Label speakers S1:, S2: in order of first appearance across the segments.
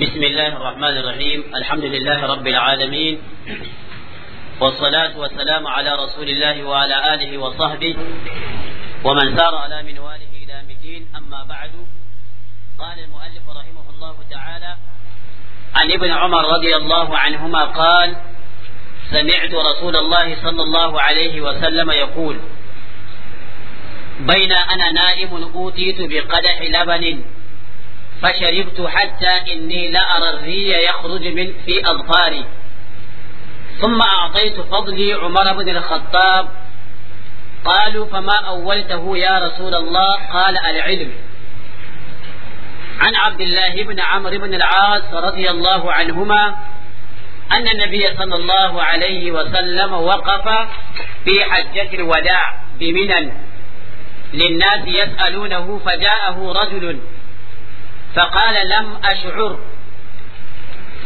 S1: بسم الله الرحمن الرحيم الحمد لله رب العالمين والصلاة والسلام على رسول الله وعلى آله وصحبه ومن سار على منواله إلى مدين أما بعد قال المؤلف رحمه الله تعالى عن ابن عمر رضي الله عنهما قال سمعت رسول الله صلى الله عليه وسلم يقول بين أنا نائم أوتيت بقدح لبن فشربت حتى إني لأرى الري يخرج من في أظفاري ثم أعطيت فضلي عمر بن الخطاب قالوا فما أولته يا رسول الله قال العلم عن عبد الله بن عمرو بن العاص رضي الله عنهما أن النبي صلى الله عليه وسلم وقف في حجة الوداع بمنن للناس يسألونه فجاءه رجل فقال لم أشعر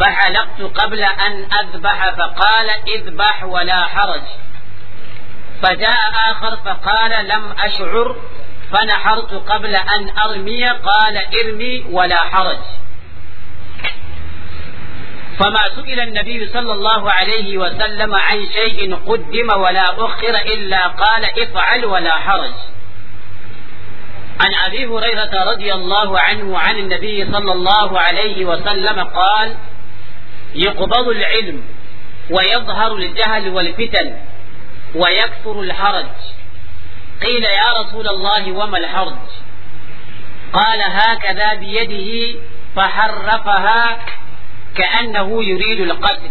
S1: فحلقت قبل أن أذبح فقال اذبح ولا حرج فجاء آخر فقال لم أشعر فنحرت قبل أن أرمي قال ارمي ولا حرج فما سئل النبي صلى الله عليه وسلم عن شيء قدم ولا أخر إلا قال افعل ولا حرج عن أبي هريرة رضي الله عنه عن النبي صلى الله عليه وسلم قال يقبض العلم ويظهر الجهل والفتن ويكثر الحرج قيل يا رسول الله وما الحرج قال هكذا بيده فحرفها كأنه يريد القتل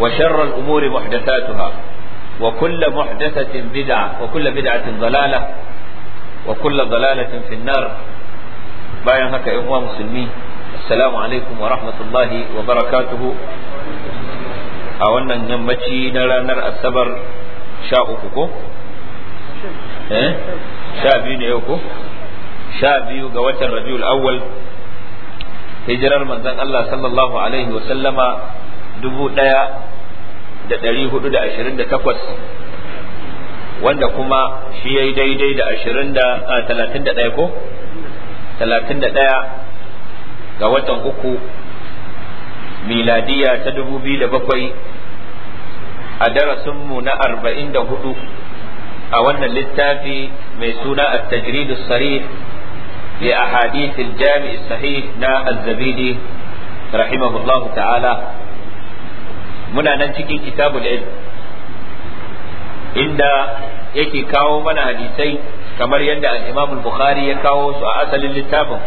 S2: وشر الأمور محدثاتها وكل محدثة بدعة وكل بدعة ضلالة وكل ضلالة في النار باين هكا إخوة مسلمين السلام عليكم ورحمة الله وبركاته أولا نمتي نرى نرى السبر شاؤكم sha biyu ne yau sha biyu ga watan rabiul awwal hijirar manzon Allah sallallahu alaihi wa sallama dubu ɗaya da ɗari da ashirin da takwas wanda kuma shi ya yi daidai da ashirin da talatin da ɗaya ko talatin da ɗaya ga watan uku miladiya ta dubu biyu da bakwai a darasinmu na arba'in da huɗu a wannan littafi mai suna التجريد الصريح a hadithin jami'i نا na رحمه rahimahullahu ta'ala muna nan cikin kitabul ilm inda yake kawo mana hadisai kamar yadda al-Imam bukhari ya kawo su a asalin littafin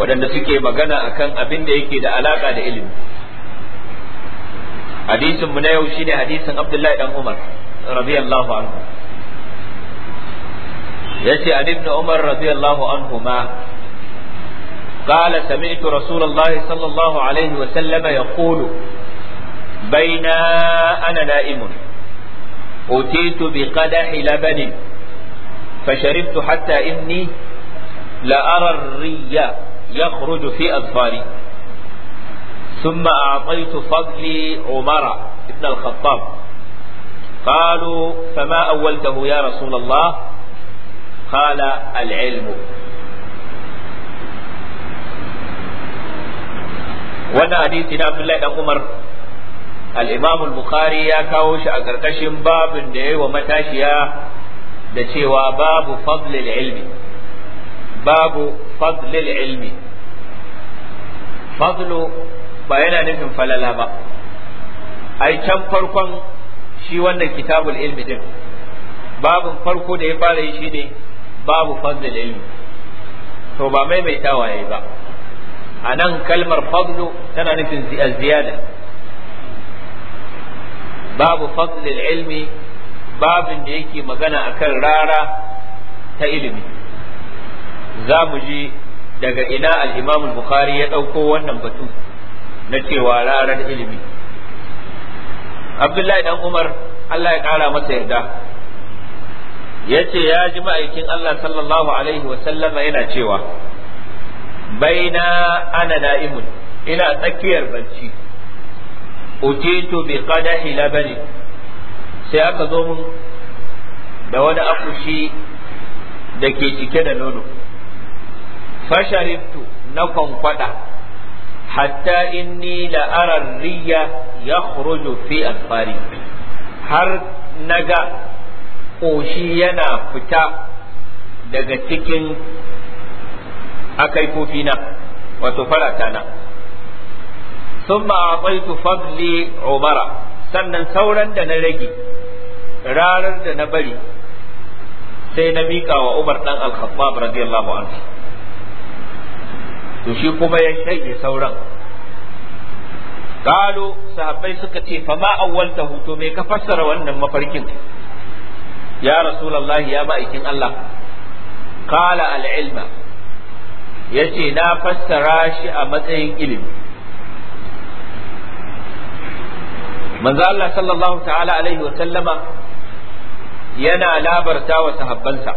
S2: waɗanda suke magana akan abin da yake da alaka da ilimi hadisin mu na yau shine hadisin Abdullahi dan Umar radiyallahu anhu yace an ibn Umar radiyallahu ma. قال سمعت رسول الله صلى الله عليه وسلم يقول بين أنا نائم أتيت بقدح لبن فشربت حتى إني لأرى الري يخرج في أظفاري ثم أعطيت فضلي عمر ابن الخطاب قالوا فما أولته يا رسول الله قال العلم wannan hadisi na Abdullahi dan Umar al-Imam al-Bukhari ya kawo shi a karkashin babin da yayi wa matashiya da cewa babu fadlil ilmi babu fadlil ilmi fadlu ba yana nufin falala ba ai can farkon shi wannan kitabul ilmi din babin farko da ya fara yi shine babu fadlil ilmi to ba maimaitawa yayi ba a nan kalmar fadlu tana nufin ziyada babu fadlil ilmi babin da yake magana akan rara ta ilimi za mu ji daga ina al'imam bukhari ya ɗauko wannan batu na cewa rarar ilimi abdullahi dan umar allah ya ƙara masa yarda ya ce ya ji ma'aikin allah sallallahu alaihi wasallama yana cewa baina ana na'imun ina tsakiyar bacci utitu bi qadahi labani sai aka zo mun da wani akushi da ke cike da nono fasharibtu na kwankwada hatta inni la'arar riya ya fi alfari har naga ƙoshi yana fita daga cikin akai kaifofina wato farata na thumma a'taitu fadli umara sannan sauran da na rage ranar da na bari sai na miƙa wa Umar ɗan Al-Khattab radiyallahu anhu to shi kuma ya shage sauran galo sahabbai suka ce fa ma awwaltahu to me ka fassara wannan mafarkin ya rasulullahi ya ma'aikin Allah kala al-ilma yace na fassara shi a matsayin ilimi manzo Allah sallallahu ta'ala alaihi wa sallama yana labarta wa sahabbansa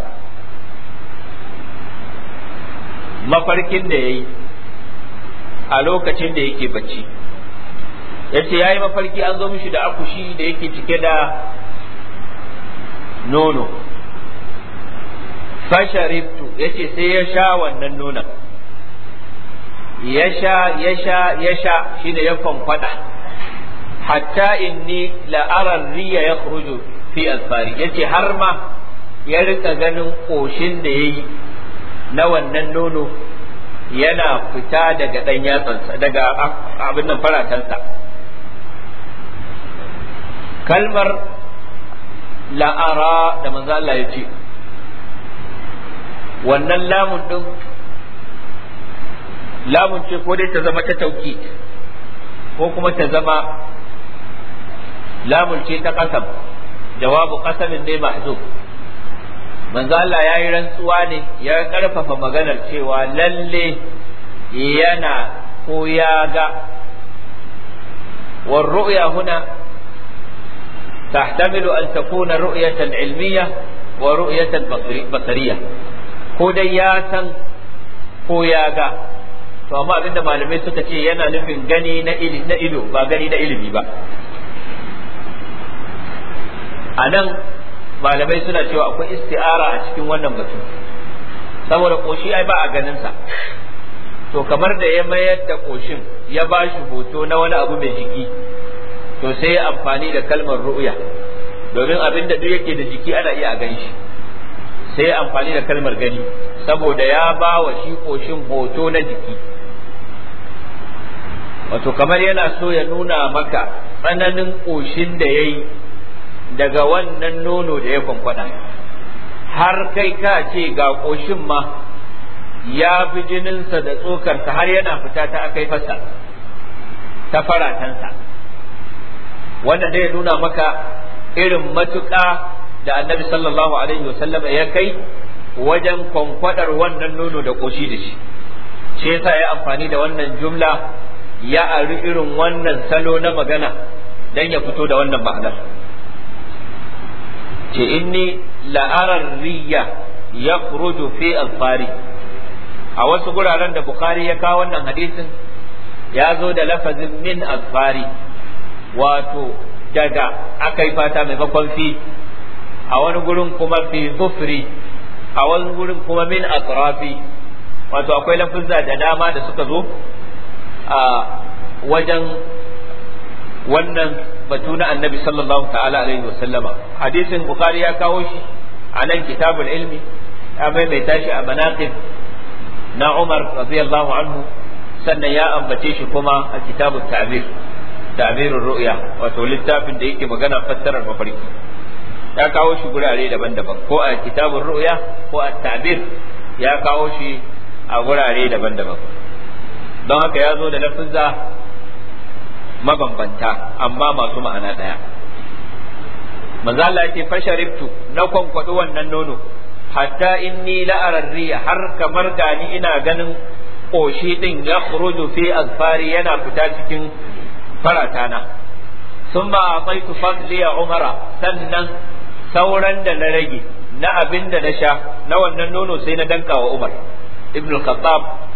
S2: mafarkin da yayi a lokacin da yake bacci yace yayi mafarki an zo mishi da akushi da yake cike da nono fasharibtu yace sai ya sha wannan nonon ya sha ya sha ya sha shine ya kwankwada hatta inni la'arar riya ya kuruju fi alfari ya ce har ma ya rika ganin ƙoshin da ya yi na wannan nono yana fita daga ɗan yatsansa daga abin nan faratansa kalmar la'ara da manzo Allah ya ce wannan lamun ɗin lamun ce ko dai ta zama ta tauki ko kuma ta zama lamun ce ta kasam jawabu kasamin ne mahzuf manzo Allah ya yi rantsuwa ne ya karfafa maganar cewa lalle yana ko ya ga والرؤيا هنا تحتمل أن تكون رؤية علمية ورؤية بصرية ko dai ya san ko ya ga to amma abinda malamai suka ce yana nufin gani na ido ba gani na ilimi ba a nan malamai suna cewa akwai isti'ara a cikin wannan batu saboda koshi ai ba a ganinsa to kamar da ya mayar da koshin ya ba shi hoto na wani abu mai jiki to sai ya amfani da kalmar ru'ya domin abin da duk yake da jiki ana iya a gan shi sai ya amfani da kalmar gani saboda ya ba wa shi koshin hoto na jiki wato kamar yana so ya nuna maka tsananin ƙoshin da ya yi daga wannan nono da ya kwankwada har kai ka ce ga ƙoshin ma ya fi jininsa da tsokarsa har yana fita ta akai fasa ta faratansa wanda ya nuna maka irin matuƙa da annabi sallallahu alaihi wasallam ya kai wajen kwankwadar wannan nono da ƙoshi da shi shi yasa ya amfani da wannan jumla ya ari irin wannan salo na magana dan ya fito da wannan ma'anar ce inni la'arar riya ya kuruju fi alfari a wasu guraren da bukari ya kawo wannan hadisin ya zo da lafazin min alfari wato daga aka yi fata mai fi a wani gurin kuma fi zufri a wani gurin kuma min atrafi wato akwai lafuzza da dama da suka zo a wajen wannan batu na annabi sallallahu ta'ala alaihi wasallama hadisin bukhari ya kawo shi a nan kitabul ilmi ya maimaita shi a manaqib na umar radiyallahu anhu sannan ya ambace shi kuma a kitabul ta'bir ta'birur ru'ya wato littafin da yake magana fassarar mafarki ya kawo shi gurare daban-daban ko a kitabul ru'ya ko a ta'bir ya kawo shi a gurare daban-daban don haka ya zo da lafizza mabambanta amma masu ma'ana ɗaya manzo Allah yake fasharibtu na kwankwaɗi wannan nono hatta inni la'arriya har kamar gani ina ganin ƙoshi ɗin ya fi azfari yana fita cikin faratana sun ba a tsaitu fadliya umara sannan sauran da na rage na abin da na sha na wannan nono sai na danka wa umar ibn khattab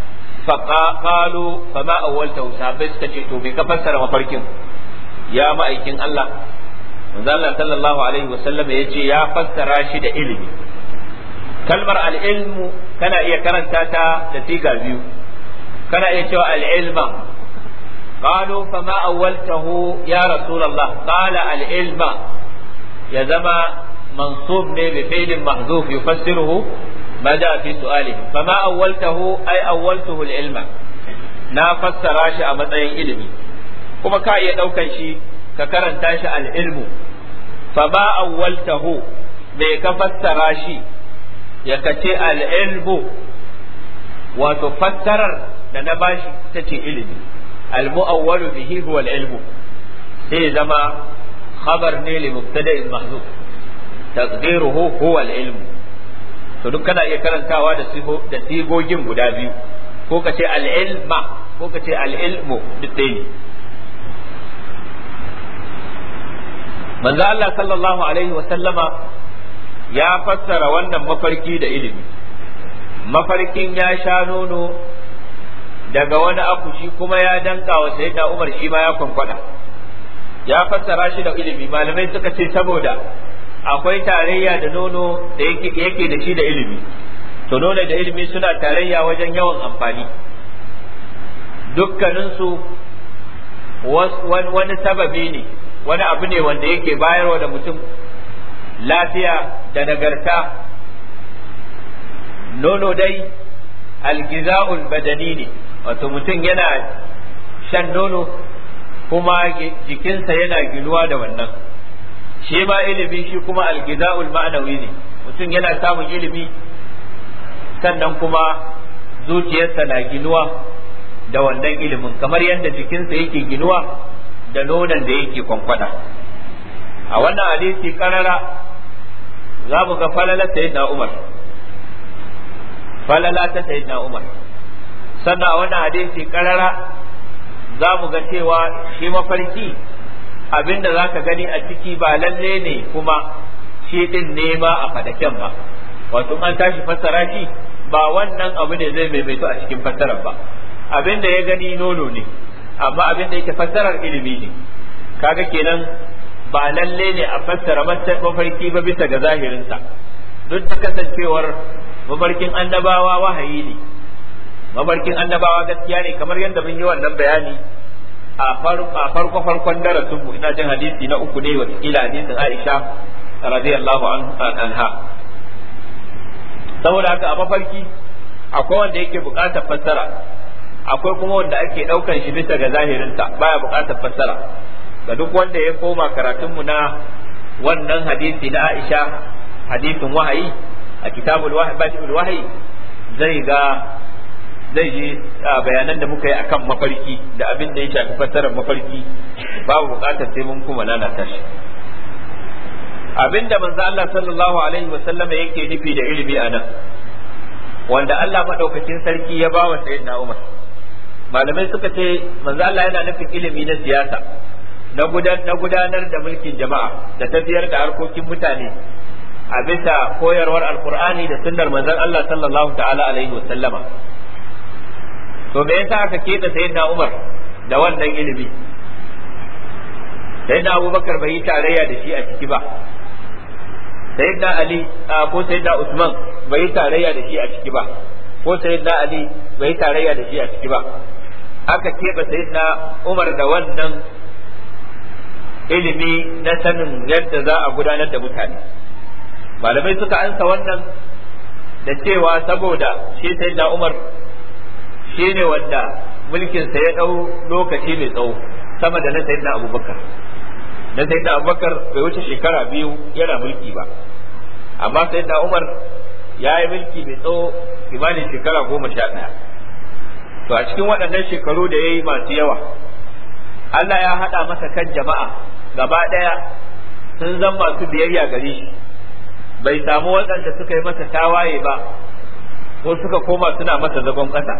S2: فقالوا فما أولته سابس كتشتو بك فسر مفركم يا مأيكين الله manzo Allah sallallahu alaihi wasallam yace ya fassara shi da ilimi kalmar al-ilmu kana iya karanta ta da siga biyu kana iya cewa al-ilma قالوا فما أولته يا رسول الله قال العلم يا زما منصوب به بفعل محذوف يفسره ma da fi su'alihi fa ma awwaltahu ai awwaltuhu al na fassara shi a matsayin ilimi kuma ka iya daukan shi ka karanta shi al’ilmu, fa ma awwaltahu bai ka fassara shi ya kace al-ilmu wato fassarar da na bashi ta ce ilimi almu muawwalu bihi huwa al sai zama khabar ne li mubtada'in mahzuf taqdiruhu huwa al-ilmu to duk kana iya karantawa da da sigogin guda biyu ko ka ce al-ilma ko ka ce al-ilmu duk dai ne manzo Allah sallallahu alaihi wa sallama ya fassara wannan mafarki da ilimi mafarkin ya sha nono daga wani akushi kuma ya danka wa sayyidina Umar shi ma ya kwankwada ya fassara shi da ilimi malamai suka ce saboda akwai tarayya da nono da yake da shi da ilimi to nono da ilimi suna tarayya wajen yawan amfani dukkaninsu wani sababi ne wani abu ne wanda yake bayarwa da mutum lafiya da nagarta nono dai algiza'ul badani ne wato mutum yana shan nono kuma jikinsa yana ginuwa da wannan shi ma ilimi shi kuma algida'ul ma'anawi ne mutum yana samun ilimi sannan kuma zuciyarsa na ginuwa da wannan ilimin kamar yadda jikinsa yake ginuwa da nonon da yake kwankwada a wannan hadisi karara za mu ga ta yi Umar falala ta sayyidina Umar sannan a wannan hadisi karara za mu ga cewa shi mafarki abin da za ka gani a ciki ba lalle ne kuma shi din ne a fadaken ba wato an tashi fassara shi ba wannan abu ne zai maimaito a cikin fassarar ba abin da ya gani nono ne amma abin da yake fassarar ilimi ne kaga kenan ba lalle ne a fassara mafarki ba bisa ga zahirinsa duk da kasancewar mafarkin annabawa wahayi ne mafarkin annabawa gaskiya ne kamar yadda mun yi wannan bayani a farko farkon darasin mu ina jin hadisi na uku ne kila hadisin Aisha radiyallahu anha saboda haka a mafarki akwai wanda yake buƙatar fassara akwai kuma wanda ake ɗaukan shi bisa ga zahirinsa baya bukatar fassara ga duk wanda ya koma karatun mu na wannan hadisi na Aisha hadisin wahayi a kitabul wahyi zai ga zai je a bayanan da muka yi akan mafarki da abin da ya shafi fassarar mafarki babu bukatar sai mun kuma lalata shi abin da manzo Allah sallallahu alaihi wasallama yake nufi da ilimi a nan wanda Allah madaukakin sarki ya ba wa sayyidina Umar malamai suka ce manzo Allah yana nufin ilimi na siyasa na gudanar da mulkin jama'a da tafiyar da harkokin mutane a bisa koyarwar alkur'ani da sunnar manzon Allah sallallahu ta'ala alaihi wa sallama to me yasa aka keda sayyidina Umar da wannan ilimi sayyidina Abubakar bai yi tarayya da shi a ciki ba sayyidina Ali ko sayyidina Usman bai yi tarayya da shi a ciki ba ko sayyidina Ali bai yi tarayya da shi a ciki ba aka keba sayyidina Umar da wannan ilimi na sanin yadda za a gudanar da mutane malamai suka ansa wannan da cewa saboda shi da Umar ne wanda mulkinsa ya ɗau lokaci mai tsawo sama da na sayyidina abubakar na sayyidina abubakar bai wuce shekara biyu yana mulki ba amma sayyidina umar ya yi mulki mai tsawo kimanin shekara goma sha ɗaya to a cikin waɗannan shekaru da ya yi masu yawa Allah ya haɗa masa kan jama'a gaba ɗaya sun zan masu biyayya gare shi bai samu waɗanda suka yi masa tawaye ba ko suka koma suna masa zagon ƙasa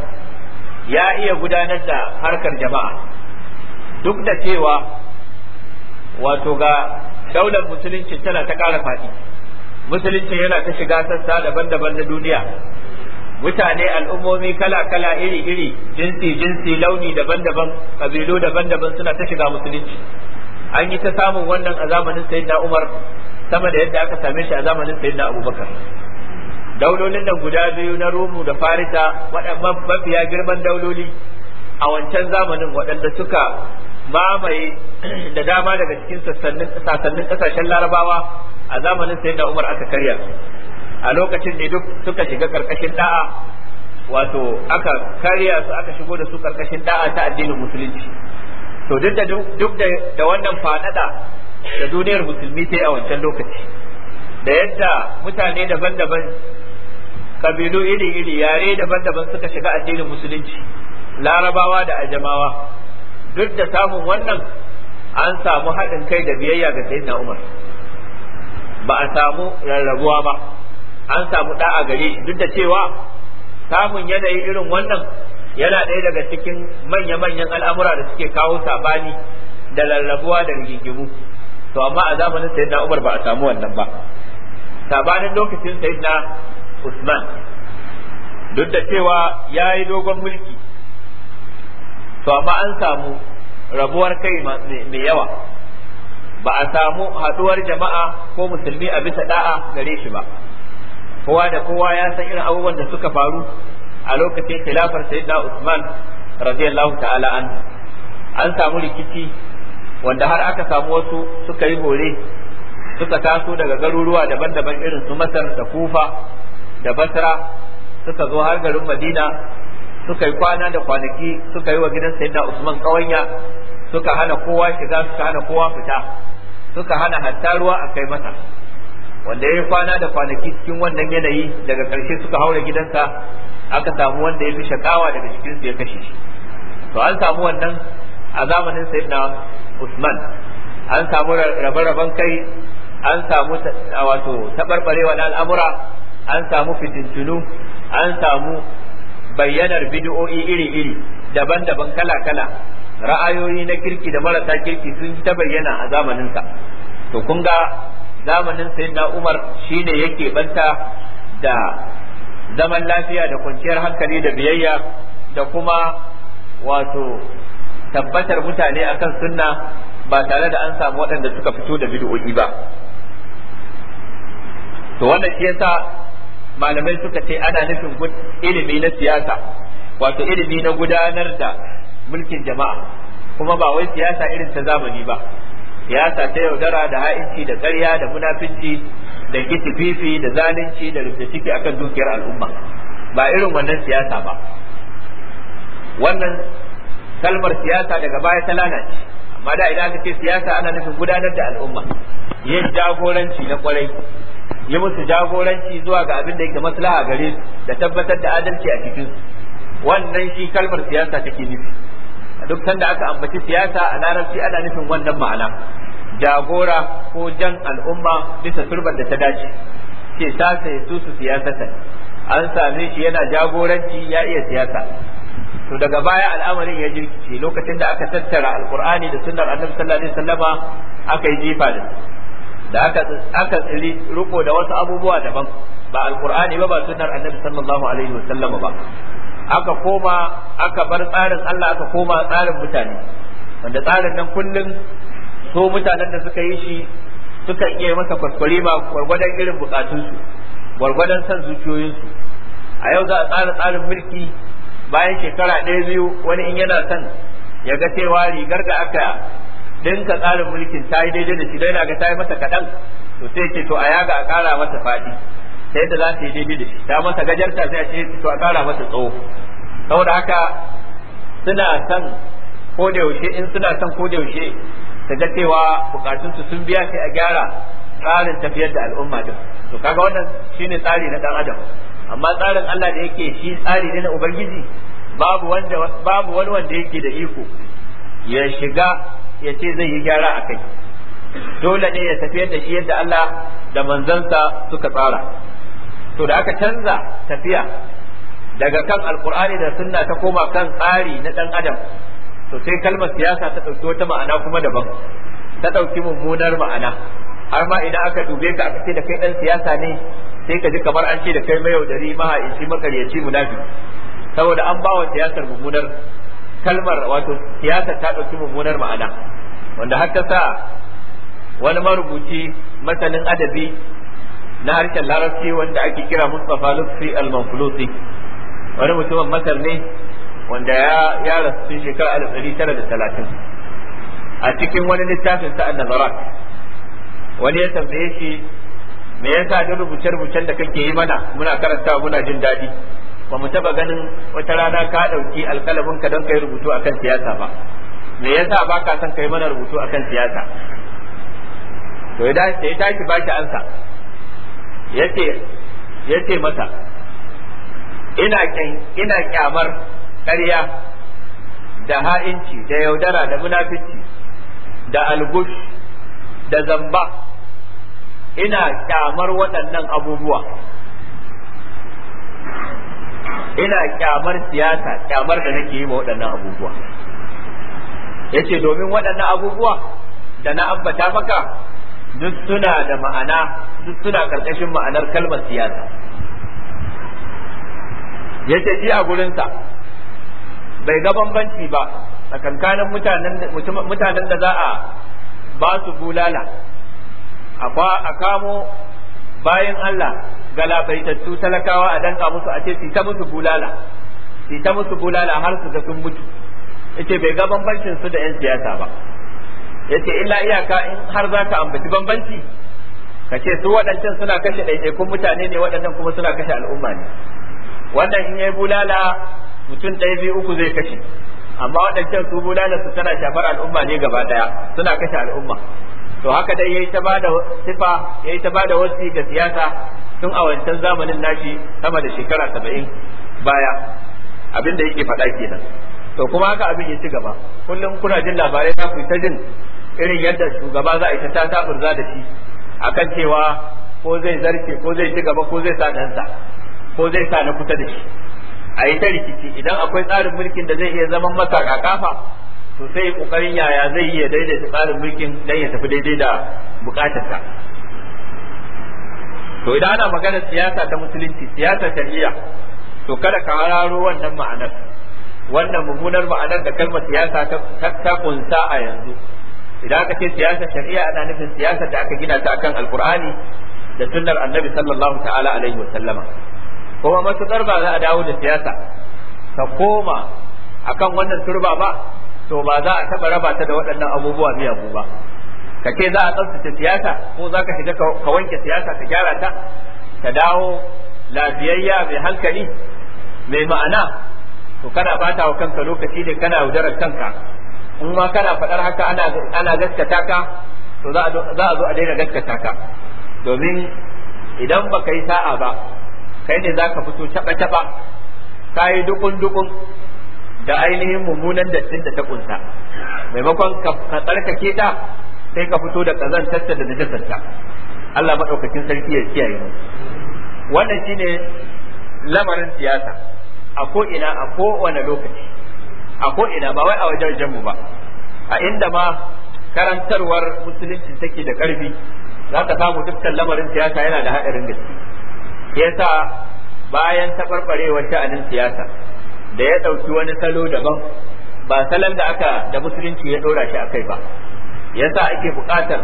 S2: ya iya gudanar da harkar jama'a duk da cewa wato ga daular musulunci tana ta ƙara faɗi musulunci yana ta shiga sassa daban-daban na duniya mutane al'ummomi kala-kala iri-iri jinsi-jinsi launi daban-daban ƙabilu daban-daban suna ta shiga musulunci an yi ta samun wannan a zamanin sayyidina umar sama da yadda aka same shi a zamanin sayyidina abubakar daulolin nan guda biyu na Rumu da Farisa waɗannan mafiya girman dauloli a wancan zamanin waɗanda suka mamaye da dama daga cikin sassanin ƙasashen larabawa a zamanin sayyidina Umar aka karya a lokacin ne duk suka shiga ƙarƙashin da'a wato aka karya su aka shigo da su ƙarƙashin da'a ta addinin musulunci to duk da duk da wannan fadada da duniyar musulmi ta a wancan lokaci da yadda mutane daban-daban kabilu iri-iri yare daban-daban suka shiga addinin musulunci larabawa da ajamawa duk da samun wannan an samu haɗin kai da biyayya ga sayyidina umar ba a samu rarrabuwa ba an samu ɗa'a gare duk da cewa samun yanayi irin wannan yana ɗaya daga cikin manya-manyan al'amura da suke kawo sabani da lallabuwa da rigingimu to amma a zamanin sayyidina umar ba a samu wannan ba sabanin lokacin sayyidina Usman duk da cewa ya yi dogon mulki to amma an samu rabuwar kai mai yawa ba a samu haduwar jama'a ko musulmi a bisa da'a gare shi ba kowa da kowa ya san irin abubuwan da suka faru a lokacin khilafar sayyidina Usman radiyallahu ta'ala an an samu rikici wanda har aka samu wasu suka yi hore suka taso daga garuruwa daban-daban irin su Masar da Kufa da basra suka zo har garin madina suka yi kwana da kwanaki suka yi wa gidan sayyidina usman kawanya suka hana kowa shiga suka hana kowa fita suka hana hatta ruwa a kai masa wanda ya yi kwana da kwanaki cikin wannan yanayi daga karshe suka haura gidansa aka samu wanda ya fi shakawa daga cikin su ya kashe shi to an samu wannan a zamanin sayyidina usman an samu rabe-raben kai an samu wato taɓarɓarewa na al'amura an samu fitintunu an samu bayyanar bid'o'i iri-iri daban-daban kala-kala ra'ayoyi na kirki da marasa kirki sun ta bayyana a zamaninsa to kun ga zamanin sayyidina Umar shine yake banta da zaman lafiya da kwanciyar hankali da biyayya da kuma wato tabbatar mutane akan sunna ba tare da an samu waɗanda suka fito da bid'o'i ba to wannan shi yasa malamai suka ce ana nufin ilimi na siyasa wato ilimi na gudanar da mulkin jama'a kuma ba wai siyasa irin ta zamani ba siyasa ta yaudara da ha'inci da ƙarya da munafici da kitififi da zalunci da rufe ciki akan dukiyar al'umma ba irin wannan siyasa ba wannan kalmar siyasa daga baya ta lalace amma da idan ka ce siyasa ana nufin gudanar da al'umma yin jagoranci na kwarai yi musu jagoranci zuwa ga abin da yake maslaha gare su da tabbatar da adalci a cikin su wannan shi kalmar siyasa take nufi duk sanda aka ambaci siyasa a larabci ana nufin wannan ma'ana jagora ko jan al'umma bisa turban da ta dace ke ta ya su su an same shi yana jagoranci ya iya siyasa to daga baya al'amarin ya jirkice lokacin da aka tattara alqur'ani da sunnar annabi sallallahu alaihi wasallama aka yi jifa da su da aka tsiri riko da wasu abubuwa daban ba alqur'ani ba ba sunnar annabi sallallahu alaihi wa sallam ba aka koma aka bar tsarin Allah aka koma tsarin mutane wanda tsarin nan kullum so mutanen da suka yi shi suka iya masa kwaskwari ba gwargwadon irin bukatunsu gwargwadon son zuciyoyinsu a yau za a tsara tsarin mulki bayan shekara ɗaya biyu wani in yana son ya ga cewa rigar da aka dinka tsarin mulkin ta yi daidai da shi dai ga ta yi masa kaɗan to sai ce to a yaga a ƙara masa faɗi ta yadda za ta yi daidai da shi ta masa gajarta sai a ce to a ƙara masa tsawo saboda haka suna son ko da yaushe in suna son ko da yaushe ta ga cewa bukatunsu sun biya sai a gyara tsarin tafiyar da al'umma din to kaga wannan shine tsari na dan adam amma tsarin Allah da yake shi tsari ne na ubangiji babu wanda babu wani wanda yake da iko ya shiga ya ce zai yi gyara a kai dole ne ya tafiyar da shi yadda Allah da manzansa suka tsara to da aka canza tafiya daga kan alkur'ani da sunna ta koma kan tsari na dan adam to sai kalmar siyasa ta ɗauki wata ma'ana kuma daban ta ɗauki mummunar ma'ana har ma idan aka dube ka aka ce da kai ɗan siyasa ne sai ka ji kamar an ce da kai mayaudari mahaici makaryaci munafi saboda an bawa siyasar mummunar kalmar wato siyasa ta ɗauki mummunar ma'ana wanda har ta sa wani marubuci masanin adabi na harshen larabci wanda ake kira Mustapha Lutfi al-Manfulusi wani mutumin Masar ne wanda ya ya rasu tun shekarar 1930 a cikin wani littafin sa an wani ya tambaye shi me yasa da rubuce-rubucen da kake yi mana muna karanta muna jin daɗi ba mu taba ganin wata rana ka ɗauki alƙalamin ka don kai rubutu akan siyasa ba me yasa ba ka son kai mana rubutu akan siyasa to ya tashi ba shi ansa yace yace masa ina ina kyamar ƙarya da ha'inci da yaudara da munafici da algush da zamba ina kyamar waɗannan abubuwa ina kyamar siyasa kyamar da nake yi wa waɗannan abubuwa ya ce domin waɗannan abubuwa da na ambata maka duk suna da ma'ana duk suna karkashin ma'anar kalmar siyasa yace ji a gurinsa bai ga bambanci ba tsakankanin mutanen da za a ba su bulala a kamo bayan Allah galabaitattu talakawa a danka musu a ce su ta musu bulala su ta musu bulala har su ga sun mutu yace bai ga bambancin su da yan siyasa ba yace illa iyaka in har za ka ambaci bambanci ka ce su waɗancan suna kashe ɗaiɗaikun mutane ne waɗannan kuma suna kashe al'umma ne wannan in yayi bulala mutum ɗaya biyu uku zai kashe amma waɗancan su bulala su tana shafar al'umma ne gaba ɗaya suna kashe al'umma to haka dai yayi ta bada sifa yayi ta bada wasi ga siyasa tun a wancan zamanin nashi sama da shekara saba'in baya abin da yake faɗa kenan to kuma haka abin ya ci gaba kullum kuna jin labarai za ku ta jin irin yadda shugaba za a yi ta burza da shi akan cewa ko zai zarce ko zai ci gaba ko zai sa ɗansa ko zai sa na kusa da shi a yi ta rikici idan akwai tsarin mulkin da zai iya zaman masa kakafa to sai kokarin yaya zai iya daidaita tsarin mulkin dan ya tafi daidai da bukatarsa to idan ana magana siyasa ta musulunci siyasa shari'a to kada ka hararo wannan ma'anar wannan mummunar ma'anar da kalmar siyasa ta kunsa a yanzu idan aka ce siyasa shari'a ana nufin siyasa da aka gina ta akan alkur'ani da sunnar annabi sallallahu ta'ala alaihi wa sallama kuma matukar ba za a dawo da siyasa ta koma akan wannan turba ba to ba za a taba raba ta da waɗannan abubuwa miyagu ba ka ce za a tsaftace siyasa ko za ka shiga ka wanke siyasa ka gyara ta ka dawo lafiyayya mai hankali mai ma'ana to kana bata wa kanka lokaci ne kana yaudarar kanka in ma kana faɗar haka ana ana gaskata ka to za a zo a daina gaskata ka domin idan ba ka yi sa'a ba kai ne za ka fito taɓa-taɓa ka yi dukun-dukun da ainihin mummunan dattin da ta ƙunsa maimakon ka tsarkake ta sai ka fito da kazantarta da najasarta Allah madaukakin sarki ya kiyaye mu wannan shine lamarin siyasa a ko ina a kowane lokaci a ko ina ba wai a wajen mu ba a inda ma karantarwar musulunci take da karfi za ka samu dukkan lamarin siyasa yana da haɗarin gaske yasa bayan taɓarɓarewar sha'anin siyasa da ya ɗauki wani salo daban ba salon da aka da musulunci ya ɗora shi a kai ba yasa ake buƙatar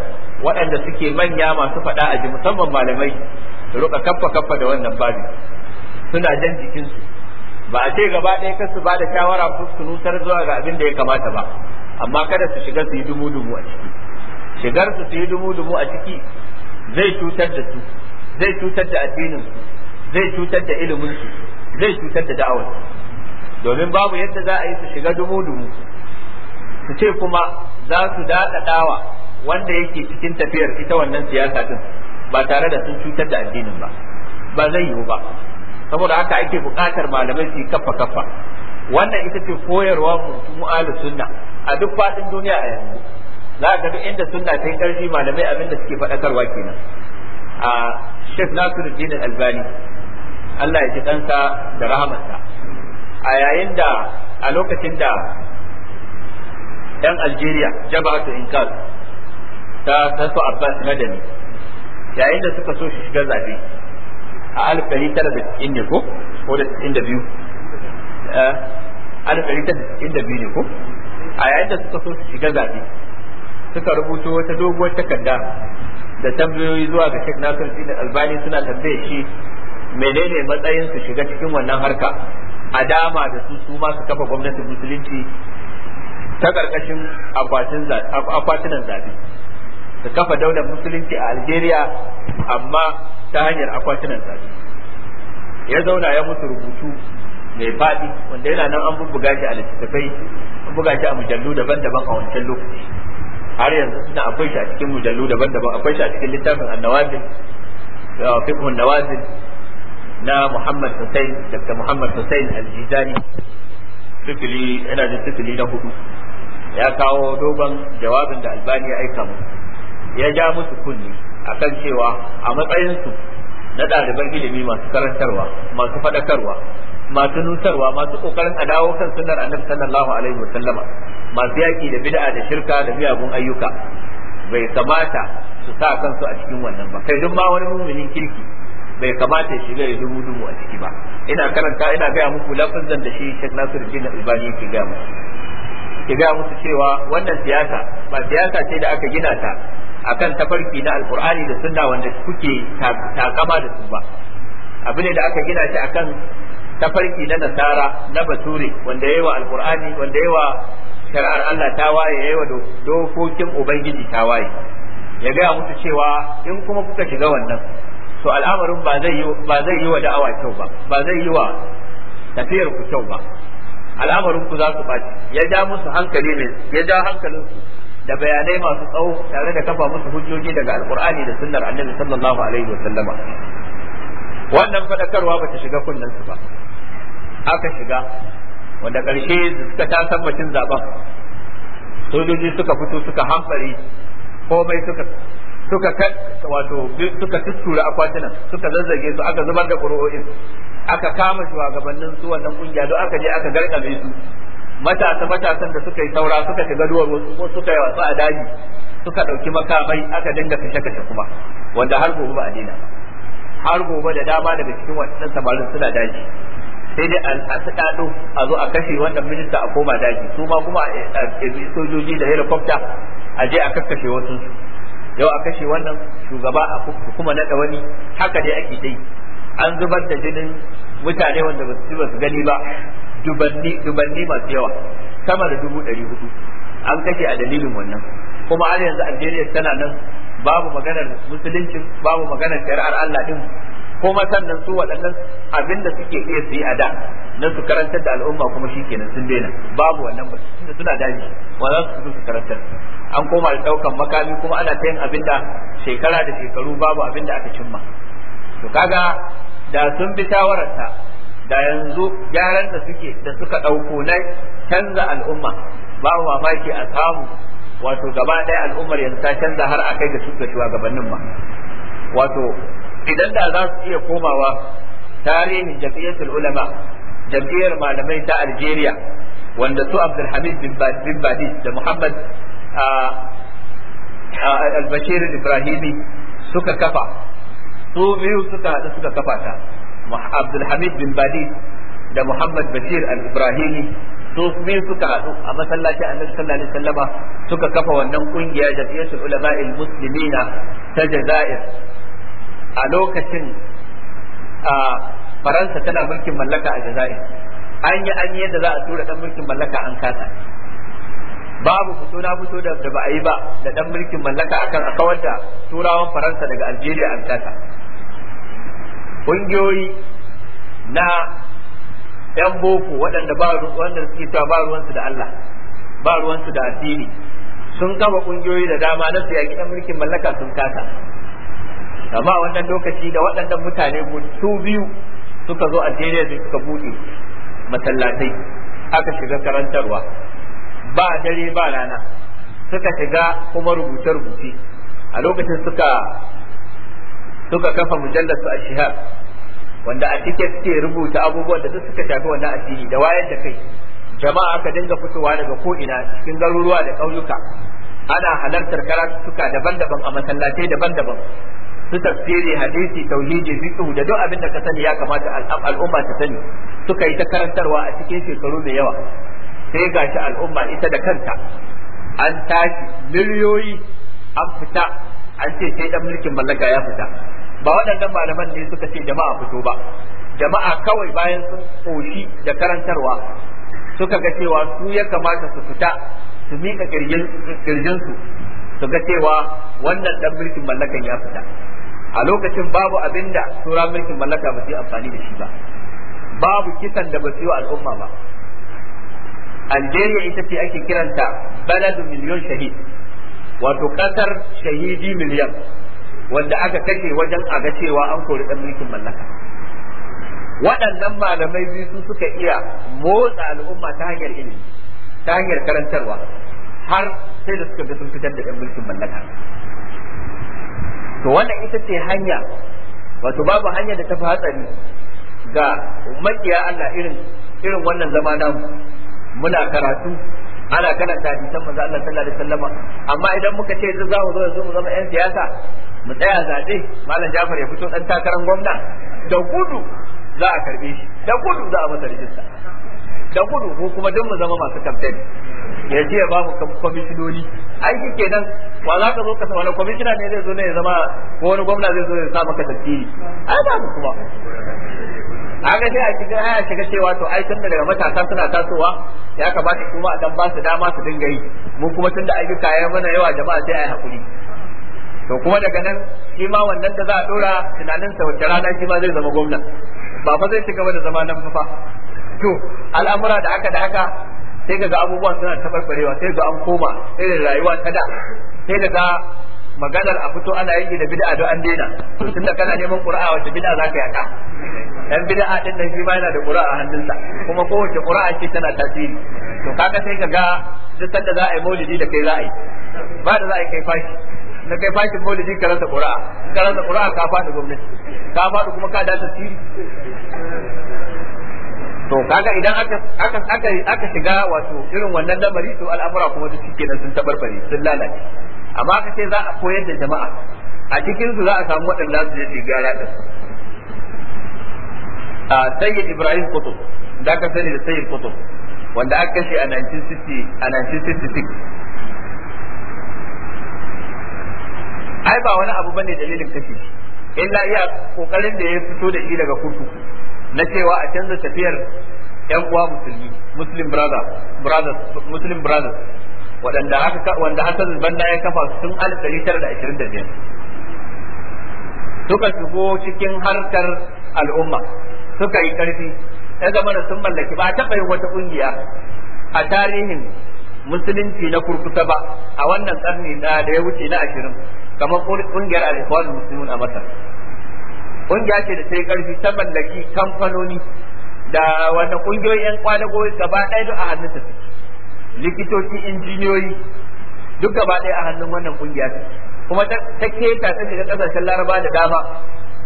S2: waɗanda suke manya masu faɗa a ji musamman malamai su ruka kaffa kaffa da wannan babi suna jan jikinsu ba a ce gaba ɗaya kan su ba da shawara ko su nutar zuwa ga abin da ya kamata ba amma kada su shiga su yi dumu dumu a ciki shigar su su yi dumu dumu a ciki zai cutar da su zai cutar da addinin su zai cutar da ilimin su zai cutar da da'awar domin babu yadda za a yi su shiga dumu dumu su ce kuma za su daɗaɗawa wanda yake cikin tafiyar ita wannan siyasa din ba tare da sun cutar da addinin ba ba zai yiwu ba saboda haka ake buƙatar malamai su yi kafa kafa wannan ita ce koyarwa mu mu'alu sunna a duk faɗin duniya a yanzu za ka ga inda sunna ta yi ƙarfi malamai abin da suke faɗakarwa kenan a Sheikh Nasiruddin Albani Allah ya ji ɗansa da rahamarsa a yayin da a lokacin da yan Algeria jaba'atu inkar ta tasu Abbas Madani yayin da suka so shi shiga zabe a alif ɗari tara da cikin ne ko ko da cikin da biyu eh, alif ɗari tara da cikin da biyu ne ko a yayin da suka so su shiga zabe suka rubuto wata doguwar takarda da tambayoyi zuwa ga Sheikh Nasiruddin Albani suna tambaye shi menene matsayin su shiga cikin wannan harka a dama da su su ma su kafa gwamnatin musulunci ta karkashin akwatunan zaɓe su kafa daular musulunci a Algeria amma ta hanyar akwatunan zaɓe. ya zauna ya mutu rubutu mai faɗi wanda yana nan an bubbuga shi a littattafai an buga shi a mujallu daban-daban a wancan lokaci har yanzu suna akwai shi a cikin mujallu daban-daban akwai shi a cikin littafin annawazin fiqhun nawazin na Muhammad Hussein Dr. Muhammad Hussein Al-Jizani sifili yana da sifili na hudu ya kawo dogon jawabin da albani ya aika musu ya ja musu kunni akan cewa a matsayinsu na ɗaliban ilimi masu karantarwa masu faɗakarwa masu nusarwa masu ƙoƙarin a dawo kan sunnar annabi sallallahu alaihi wa sallama masu yaƙi da bid'a da shirka da miyagun ayyuka bai kamata su sa kansu a cikin wannan ba kai duk ma wani muminin kirki bai kamata ya shiga ya dubu dubu a ciki ba ina karanta ina gaya muku lafazan da shi Sheikh Nasiruddin Albani ke gaya muku ki ga musu cewa wannan siyasa ba siyasa ce da aka gina ta akan tafarki na alkur'ani da sunna wanda kuke takama da su ba abu ne da aka gina shi akan tafarki na nasara na basure wanda yayi wa alkur'ani wanda yayi wa shari'ar Allah ta waye yayi wa dokokin ubangiji ta waye ya gaya musu cewa in kuma kuka shiga wannan to al'amarin ba zai yi ba zai yi wa da'awa kyau ba ba zai yi wa tafiyar ku kyau ba al'amarin ku za ku baci ya ja musu hankali ne ya ja hankalin da bayanai masu tsawo tare da kafa musu hujjoji daga alkur'ani da sunnar annabi sallallahu alaihi wa sallama wannan fadakarwa bata shiga kunnen su ba aka shiga wanda karshe suka ta sabbacin zaben sojoji suka fito suka hamfari komai suka suka wato suka tuttura akwatunan suka zazzage su aka zubar da ƙuri'o'in aka kama shugabannin su wannan kungiya don aka je aka garkame su matasa matasan da suka yi saura suka shiga duwar wasu ko suka yi wasu a daji suka ɗauki makamai aka dinga kashe kashe kuma wanda har gobe ba a daina har gobe da dama daga cikin waɗannan samarin suna daji sai dai a tsado a zo a kashe wannan minista a koma daji su ma kuma a eh, eh, sojoji da helicopter a je a kakkashe wasu yau a kashe wannan shugaba a kuma na wani haka dai ake dai an zubar da jinin mutane wanda ba su su gani ba dubanni masu yawa sama da dubu ɗari hudu an kashe a dalilin wannan kuma har yanzu Algeria tana nan babu maganar musuluncin babu maganar shari'ar Allah din kuma sannan su waɗannan abin da suke iya su yi a da na su karantar da al'umma kuma shi kenan sun daina babu wannan ba tunda suna daji ba za su su karantar an koma da ɗaukan makami kuma ana ta yin abin da shekara da shekaru babu abin da aka cimma to kaga da sun bi shawararta da yanzu gyaran da suke da suka ɗauko na canza al'umma babu mamaki a samu wato gaba ɗaya al'ummar yanzu ta canza har a kai ga shuka shugabannin ma wato idan da za su iya komawa tarihin jam'iyyatul ulama jam'iyyar malamai ta Algeria wanda su Abdulhamid bin Badi da Muhammad al-Bashir Ibrahimi suka kafa su biyu suka haɗu suka kafa ta Abdulhamid bin Badi da Muhammad Bashir al-Ibrahimi su biyu suka haɗu a masallaci annabi sallallahu alaihi wasallama suka kafa wannan kungiya jami'atul ulama'il muslimina ta Jazair a lokacin a Faransa tana mulkin mallaka a Jazair an yi an yadda za a tura dan mulkin mallaka an kasa babu fito na fito da ba a yi ba da dan mulkin mallaka akan a kawar da turawan Faransa daga Algeria an kasa ƙungiyoyi na 'yan boko waɗanda ba wanda suke cewa ba ruwansu da Allah ba ruwansu da addini sun kafa ƙungiyoyi da dama na su yaƙi mulkin mallaka sun kasa amma wannan lokaci da waɗannan mutane su biyu suka zo Algeria da suka buɗe masallatai aka shiga karantarwa ba dare ba rana suka shiga kuma rubuce-rubuce a lokacin suka suka kafa mujallar su ashihab wanda a cike suke rubuta abubuwan da suka shafi wannan addini da wayar da kai jama'a aka dinga fitowa daga ko ina cikin garuruwa da ƙauyuka ana halartar karatuka daban-daban a masallatai daban-daban su tafsiri hadisi tauhidi fiqh da duk abin da ka sani ya kamata al'umma ta sani suka yi ta karantarwa a cikin shekaru da yawa sai gashi al'umma ita da kanta an tashi miliyoyi an fita an ce sai dan mulkin mallaka ya fita ba waɗannan malaman ne suka ce jama'a fito ba jama'a kawai bayan sun koshi da karantarwa suka ga cewa su ya kamata su fita su miƙa kirjinsu su ga cewa wannan dan mulkin mallakan ya fita a lokacin babu abin da tura mulkin mallaka ba su yi amfani da shi ba babu kisan da ba su yi wa al'umma ba Algeria ita ce ake kiranta baladu miliyon shahid wato ƙasar shahidi miliyan wanda aka kashe wajen a ga cewa an kori dan mulkin mallaka waɗannan malamai biyu su suka iya motsa al'umma ta hanyar ilimi ta hanyar karantarwa har sai da suka bi sun fitar da ɗan mulkin mallaka to wannan ita ce hanya wato babu hanya da ta fi hatsari ga makiya Allah irin irin wannan zama namu muna karatu ana karanta hadisan manzo Allah sallallahu alaihi wasallam amma idan muka ce za mu zo yanzu mu zama yan siyasa mu tsaya zabe malam Jafar ya fito dan takarar gwamna da gudu za a karbe shi da gudu za a masa rijista da gudu ko kuma duk mu zama masu kamfen ya ce ya ba mu kwamishinoni ai kike nan wa za ka zo ka wani kwamishina ne zai zo ne ya zama ko wani gwamna zai zo ya sa maka tafsiri ai ba kuma kaga sai a shiga a shiga cewa to ai tunda daga matasa suna tasowa ya kamata kuma a dan ba su dama su dinga yi mu kuma tunda ayyuka ya mana yawa jama'a sai ai hakuri to kuma daga nan shi ma wannan da za a dora tunanin sa wace rana shi ma zai zama gwamna ba fa zai ci gaba da zama nan fa to al'amura da aka da aka sai ga abubuwan suna tabarbarewa sai ga an koma irin rayuwa ta da sai ga maganar a fito ana yi da bid'a don an daina to tunda kana neman qur'a wace bid'a zaka yaka dan bid'a din nan shi ma yana da qura'a a hannunsa kuma kowace qura'a ce tana tasiri to kaga sai ka ga duk sanda za a yi maulidi da kai za a yi ba da za a yi kai fashi na kai fashi maulidi ka rasa karanta ka rasa ka fadi gwamnati ka fadi kuma ka da tasiri to kaga idan aka aka aka shiga wato irin wannan lamari to al'amura kuma duk suke nan sun tabarbare sun lalace amma aka ce za a koyar da jama'a a cikin su za a samu waɗanda su je da su. a sayyid ibrahim kutub da ka sani da sayyid kutub wanda aka kashe a 1966 ai ba wani abu bane dalilin kashe illa iya kokarin da ya fito da shi daga kurkuku na cewa a canza tafiyar yan uwa musulmi muslim brothers brothers muslim brothers wadanda aka wanda hasan banda ya kafa su tun 1925 suka shigo cikin harkar al'umma suka yi karfi ya zama da sun mallaki ba a taɓa yin wata ƙungiya a tarihin musulunci na kurkusa ba a wannan karni na da ya wuce na ashirin kamar ƙungiyar alifawar musulun a masar ƙungiya ce da ta yi ƙarfi ta mallaki kamfanoni da wanda ƙungiyoyi 'yan kwadago gaba ɗaya duk a hannun ta likitoci injiniyoyi duk gaba ɗaya a hannun wannan ƙungiya ce kuma ta keta ta shiga ƙasashen laraba da dama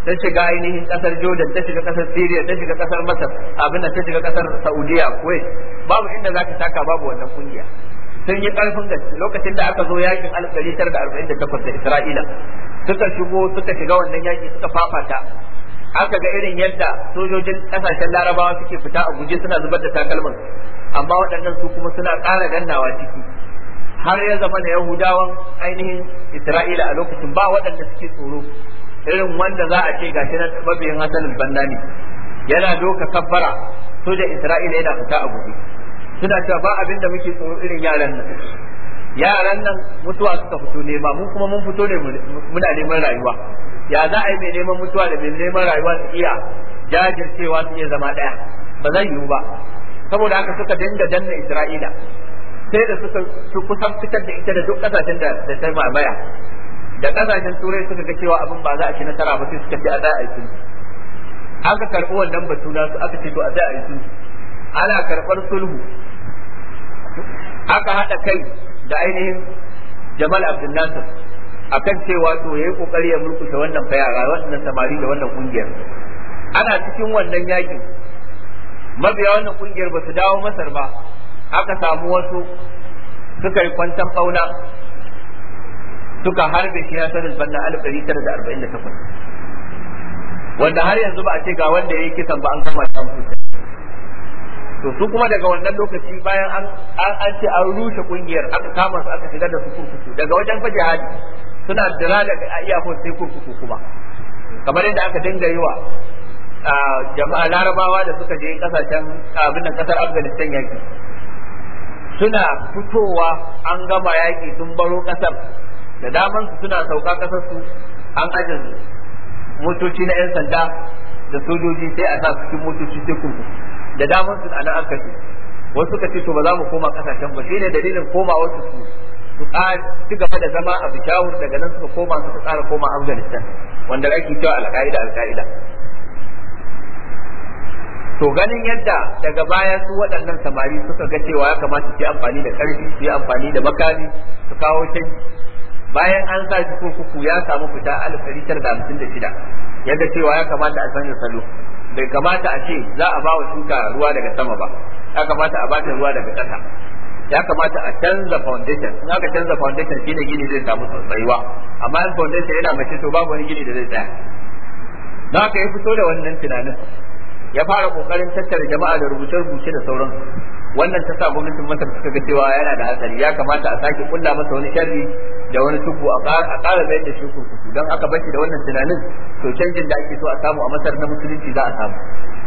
S2: ta shiga ainihin kasar Jordan ta shiga kasar Syria ta shiga kasar Masar abin da ta shiga kasar Saudiya Kuwait babu inda zaka taka babu wannan kungiya sun yi karfin gaske lokacin da aka zo yakin 1948 da Isra'ila suka shigo suka shiga wannan yaki suka fafata aka ga irin yadda sojojin kasashen larabawa suke fita a guje suna zubar da takalman amma waɗannan su kuma suna ƙara dannawa ciki har ya zama na yahudawan ainihin isra'ila a lokacin ba waɗanda suke tsoro irin wanda za a ce gashi nan mabiyin Hassan al ne yana doka kabbara soja Isra'ila yana fita a gobe suna cewa ba abin da muke tsoro irin yaran nan yaran nan mutuwa suka fito nema mu kuma mun fito ne muna neman rayuwa ya za a yi mai neman mutuwa da mai neman rayuwa su iya jajircewa su iya zama daya ba zan yiwu ba saboda haka suka dinga danna Isra'ila sai da suka kusan fitar da ita da duk kasashen da ta maya da kasashen turai suka ga cewa abin ba za a ci nasara ba sai suka ce a za a yi aka karɓi wannan batu na su aka ce to a za a yi sulhu ana karɓar sulhu aka haɗa kai da ainihin Jamal Abdul Nasir kan cewa to ya yi ƙoƙari ya murkusa wannan fayara wannan samari da wannan ƙungiyar. ana cikin wannan yakin mabiya wannan ƙungiyar ba su dawo Masar ba aka samu wasu suka yi kwantan bauna suka harbe shi Hassan al-Banna 1948 wanda har yanzu ba a ce ga wanda yi kisan ba an kama ta mutu to su kuma daga wannan lokaci bayan an an ce an rushe kungiyar aka kama su aka shiga da su kurkuku daga wajen fa jihadi suna dira daga iyakon sai kurkuku kuma kamar yadda aka dinga yi wa jama'a larabawa da suka je kasashen abin nan kasar afghanistan yaki suna fitowa an gama yaki sun baro kasar da daman su suna sauka kasar su an ajin motoci na yan sanda da sojoji sai a sa cikin motoci sai kurku da daman su ana aka ce wasu suka ce to ba za mu koma kasashen ba shine dalilin koma wasu su su ci gaba da zama a bishawur daga nan suka koma suka tsara koma afghanistan wanda ake cewa alka'ida alka'ida to ganin yadda daga baya su waɗannan samari suka ga cewa ya kamata su yi amfani da ƙarfi su yi amfani da makami su kawo canji bayan an sa cikin kuku ya samu fita alif ɗari tara da hamsin da shida yadda cewa ya kamata a sanya salo bai kamata a ce za a ba wa shuka ruwa daga sama ba ya kamata a ba ta ruwa daga ƙasa ya kamata a canza foundation in aka canza foundation shine gini zai samu tsayuwa amma in foundation yana mace to babu wani gini da zai tsaya na haka ya fito da wannan tunanin ya fara kokarin tattara jama'a da rubuce-rubuce da sauransu wannan ta sa gwamnatin masar suka ga cewa yana da hatsari ya kamata a sake kulla masa wani sharri da wani tubu a ƙara mai da shi kusu, don aka bashi da wannan tunanin to canjin da ake so a samu a masar na musulunci za a samu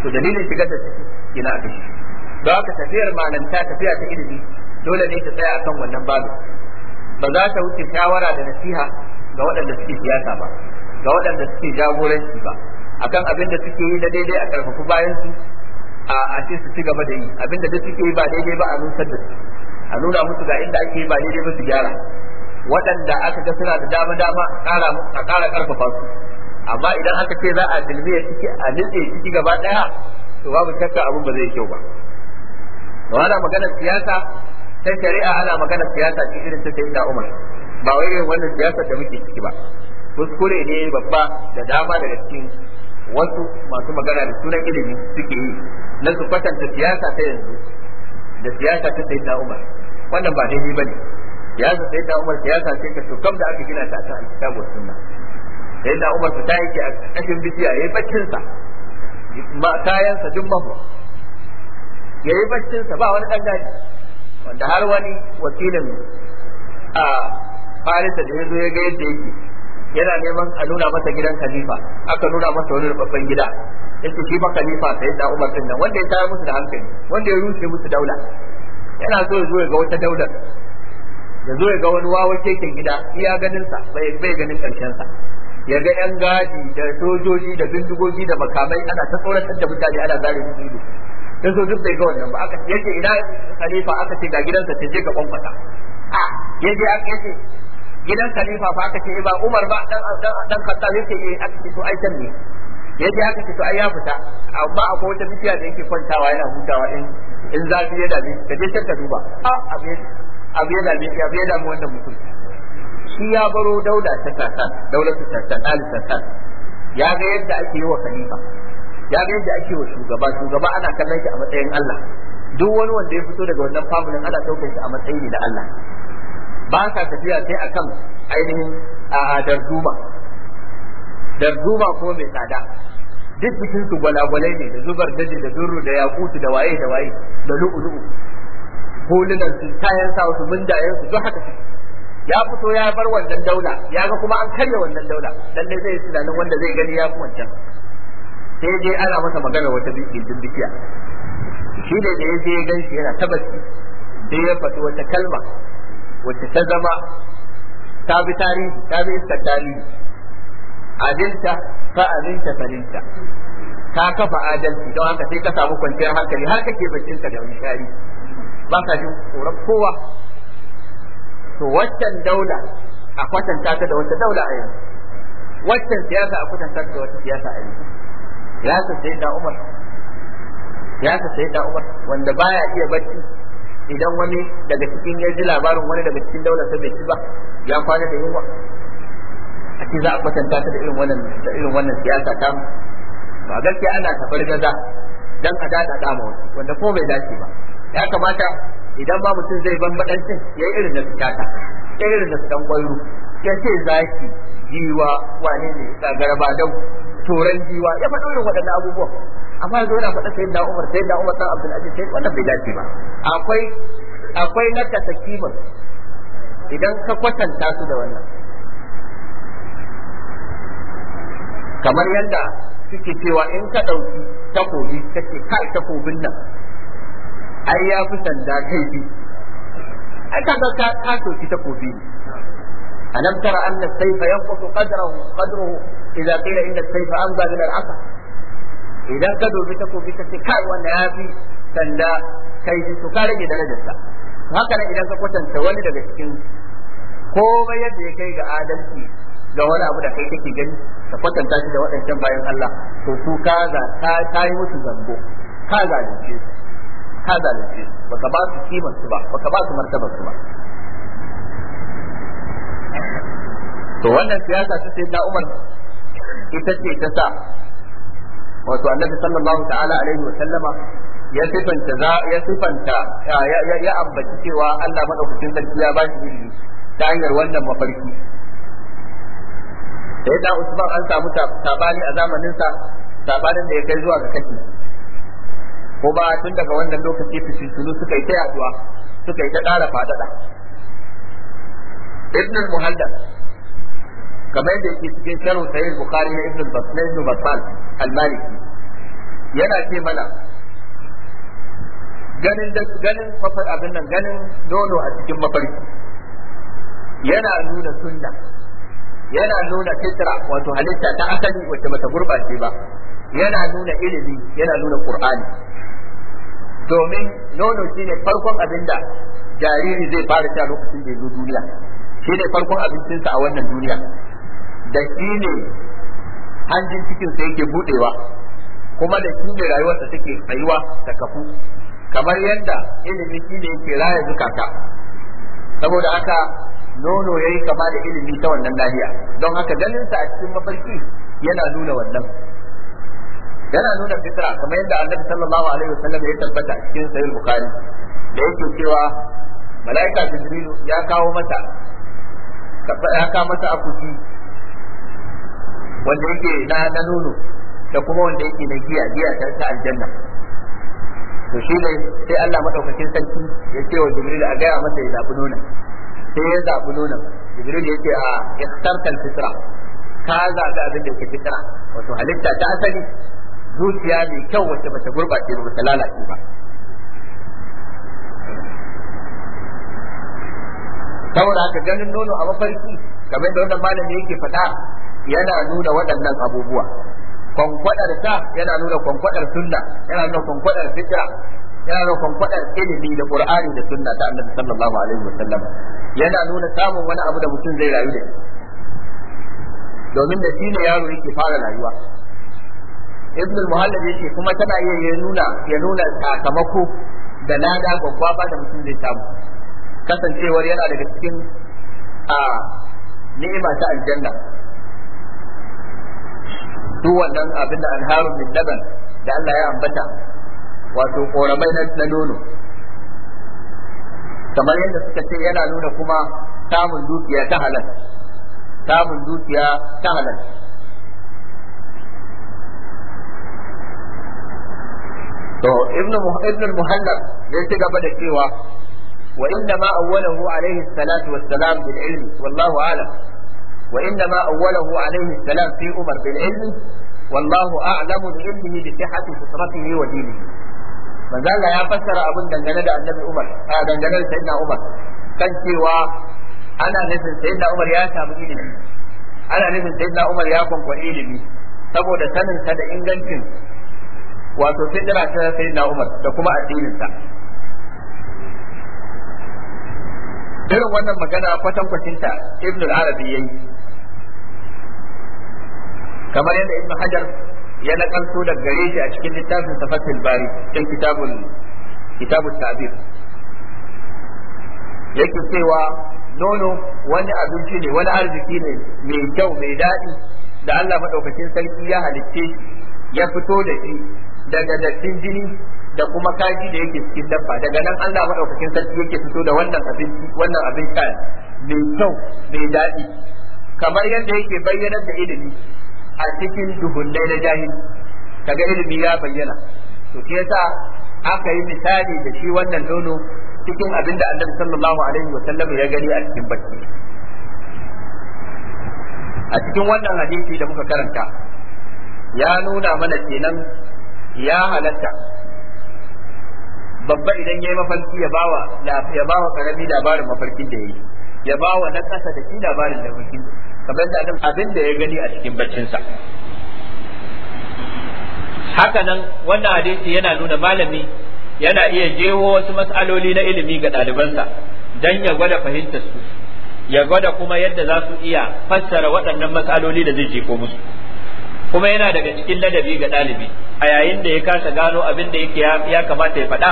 S2: to dalilin shigar da ciki gina a kashi don haka tafiyar malanta tafiya ta ilimi dole ne ta tsaya akan wannan babu ba za ta wuce shawara da nasiha ga waɗanda suke siyasa ba ga waɗanda suke jagoranci ba akan abin da suke yi na daidai a ƙarfafi bayan su a ce su ci gaba da yi abinda duk suke yi ba daidai ba a nusar da su a nuna musu ga inda ake yi ba daidai ba su gyara waɗanda aka ga suna da dama dama a ƙara ƙarfafa su amma idan aka ce za a ya ciki a nitse ciki gaba ɗaya to babu shakka abin ba zai kyau ba ana magana siyasa ta shari'a ana magana siyasa ce irin ta sayyida Umar ba wai irin wannan siyasar da muke ciki ba kuskure ne babba da dama daga cikin wasu masu magana da sunan ilimi suke yi na su kwatanta siyasa ta yanzu da siyasa ta sai ta umar wannan ba daidai ne. siyasa sai ta umar siyasa ce ka shukam da aka gina ta a cikin kitabu sunna sai da umar ta yake a kashin bishiya yayi baccin sa kayan sa duk mahu yayi baccin sa ba wani dan gadi wanda har wani wakilin a Farisa da ya zo ya ga yadda yake yana neman a nuna masa gidan khalifa aka nuna masa wani babban gida yake shi ba khalifa sai da Umar din nan wanda ya tayar musu da hankali wanda ya rushe musu daula yana so ya zo ya ga wata daular ya zo ya ga wani wawa keken gida iya ganin sa bai bai ganin karshen sa ya ga yan gadi da sojoji da bindigogi da makamai ana ta tsoratar da mutane ana zare su ido sai so duk bai ga wannan ba aka yake ina khalifa aka ce ga gidansa ta je ka kwankwata a yaje aka yake gidan khalifa fa aka ce eh, ba Umar ba dan dan dan Khattab yake yi aka ce to ai ne yaje aka ce to ai ya fita amma akwai wata bishiya da yake kwantawa yana hutawa in in zafi ya dame ka je ka duba a abe abe ya dame abe ya dame wannan mutum shi ya baro dauda ta tata daulatu tasan ta tata ya ga yadda ake yi wa khalifa ya ga yadda ake wa shugaba shugaba ana kallon shi a matsayin Allah duk wani wanda ya fito daga wannan famulin ana daukar shi a matsayin ne da Allah ba sa tafiya sai kan ainihin a darduma darduma ko mai tsada duk cikin su gwalagwalai ne da zubar daji da zurru da yakutu da waye da waye da lu'ulu'u hulunan su kayan sa su mundayen su duk haka ya fito ya bar wannan daula ya ga kuma an karya wannan daula lalle zai yi tunanin wanda zai gani ya fi wancan sai dai ana masa magana wata bikin bikiya shi ne da ya je ya gan shi yana tabbaci sai ya faɗi wata kalma wacce ta zama ta bi tarihi ta bi iska tarihi adilta fa adilta falinta ka kafa adalci don haka sai ka samu kwanciyar hankali har kake baccin ka da wani shari ba ka jin tsoron kowa to waccan daula a kwatanta ta da wata daula a yanzu waccan siyasa a kwatanta ta da wata siyasa a yanzu siyasa sai da Umar siyasa sai da Umar wanda baya iya bacci idan wani daga cikin ya ji labarin wani daga cikin daular sai bai ci ba ya kwana da yunwa a ce za a kwatanta ta da irin wannan da irin wannan siyasa ta mu ba gaskiya ana tafar gaza dan a dada dama wani wanda ko bai dace ba ya kamata idan ba mutum zai bambadancin ya yi irin da su tata ya irin da su dan kwairo ya ce zaki jiwa wane ne ga garba dau Turan jiwa ya faɗo irin waɗannan abubuwan amma yanzu yana faɗa sai da Umar sai da Umar dan Abdul Aziz sai wannan bai dace ba akwai akwai na tasakiman idan ka kwatanta su da wannan kamar yadda suke cewa in ka ɗauki takobi kake kai takobin nan ai ya fi sanda kai bi ai ka ka ka ɗauki takobi ne ألم تر أن السيف ينقص قدره قدره إذا قيل إن السيف أمضى من العصا إذا كدوا بتكو بتسكاء والنهافي سندا كيف سكاري درجة هكذا إذا كنت تولد بسكين komai yadda ya kai ga adalci ga wani abu da kai kake gani ka kwatanta shi da waɗancan bayan Allah ko su ka ga musu zambo ka zalunce su baka ba su ba baka ba su ba to wannan siyasa ta da Umar ita ce ta sa wato annabi sallallahu ta'ala alaihi wa sallama ya sifanta za ya sifanta ya ambaci cewa Allah madaukakin sarki ya ba shi ilimi ta hanyar wannan mafarki da Usman an samu sabani a zamanin sa sabanin da ya kai zuwa ga kashi ko ba tun daga wannan lokaci fitintunu suka yi ta yaduwa suka yi ta ƙara fadada ibn al-muhallab kamar yadda yake cikin sharh sahih bukhari na ibn battal ibn battal al-maliki yana ce mana ganin da ganin mafar abin nan ganin nono a cikin mafarki yana nuna sunna yana nuna fitra wato halitta ta asali wacce bata gurbace ba yana nuna ilimi yana nuna qur'ani domin nono shi ne farkon abin da jariri zai fara sha lokacin da ya zo duniya shi ne farkon abincinsa a wannan duniya da shi ne hanjin cikinsa yake budewa kuma da shi ne rayuwarsa take tsayuwa ta kafu kamar yadda ilimi shi ne yake raya zukata saboda haka nono yayi kama da ilimi ta wannan nahiya don haka ganinsa a cikin mafarki yana nuna wannan yana nuna fitra kamar yadda annabi sallallahu alaihi wasallam ya tabbata cikin sahih bukhari da yake cewa malaika jibril ya kawo mata ya kawo mata akuti wanda yake na na nono da kuma wanda yake na giya giya ta ta aljanna to shi ne sai Allah madaukakin sarki ya ce wa Jibril a gaya masa ya zabi nono sai ya zabi nono Jibril ya ce a ikhtartal fitra ka zabi abin da yake fitra wato halitta ta asali zuciya mai kyau wacce ba ta gurbace ba ta lalace ba saboda haka ganin nono a mafarki kamar da wannan malami yake faɗa yana nuna waɗannan abubuwa kwankwadar sa yana nuna kwankwaɗar sunna yana nuna kwankwaɗar fitra yana nuna kwankwaɗar ilimi da qur'ani da sunna ta annabi sallallahu alaihi wasallam yana nuna samun wani abu da mutum zai rayu da domin da shi ne yaro yake fara rayuwa ibn al-muhallab yake kuma tana iya ya nuna ya nuna sakamako da lada gwaggwaba da mutum zai samu kasancewar yana daga cikin a ni'ima ta aljanna duk wannan abin da anharu min laban da Allah ya ambata wato koramai na nono kamar yadda suka ce yana nuna kuma samun dukiya ta halal samun dukiya ta halal to ibnu ibnu muhallab ya ci gaba da cewa wa inda ma awwalahu alaihi salatu wassalam bil ilmi wallahu alam وإنما أوله عليه السلام في عمر بالعلم والله أعلم بعلمه بصحة فطرته ودينه manzala ya fassara abin dangane da annabi a dangane da sayyidina Umar kan cewa ana nufin sayyidina Umar ya samu ilimi ana nufin sayyidina Umar ya kwankwa ilimi saboda sanin da ingancin wato sidira ta na Umar da kuma addinin sa irin wannan magana kwatankwacin ta Ibn al-Arabi yayi kamar yadda ibn hajar ya nakalto daga gare shi a cikin littafin tafsir bari cikin kitabul kitabut tabir yake cewa nono wani abinci ne wani arziki ne mai kyau mai daɗi da Allah madaukakin sarki ya halicce ya fito da shi daga dattin jini da kuma kaji da yake cikin dabba daga nan Allah madaukakin sarki yake fito da wannan abinci wannan abin mai kyau mai daɗi kamar yadda yake bayyana da ilimi a cikin duhunnai na jahili kaga ilimi ya bayyana to ke yasa aka yi misali da shi wannan nono cikin abin da annabi sallallahu alaihi wa sallam ya gani a cikin bacci a cikin wannan hadisi da muka karanta ya nuna mana kenan ya halatta babba idan ya yi mafarki ya bawa ya bawa karami labarin mafarkin da ya yi ya bawa na kasa da shi labarin da mafarkin da kamar da abin da ya gani a cikin baccinsa Hakanan wannan hadisi yana nuna malami yana iya jeho wasu mas'aloli na ilimi ga ɗalibansa don ya gwada fahimtar su ya gwada kuma yadda za su iya fassara waɗannan matsaloli da zai ko musu kuma yana daga cikin ladabi ga ɗalibi a yayin da ya kasa gano abin da yake ya kamata ya faɗa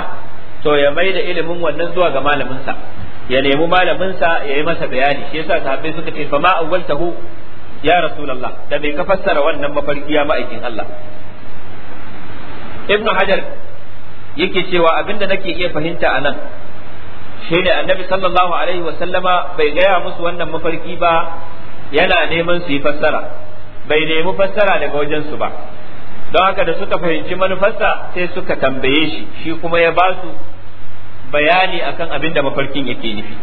S2: to ya mai da ilimin wannan zuwa ga malaminsa ya nemi malaminsa ya yi masa bayani shi yasa sahabbai suka ce fama awwaltahu ya rasulullah da bai ka fassara wannan mafarkiya ma'aikin Allah ibnu hajar yake cewa abinda nake iya fahimta anan shine annabi sallallahu alaihi wa sallama bai gaya musu wannan mafarki ba yana neman su yi fassara bai nemi fassara daga wajensu ba don haka da suka fahimci manufarsa sai suka tambaye shi shi kuma ya ba su bayani akan abin da mafarkin yake nufi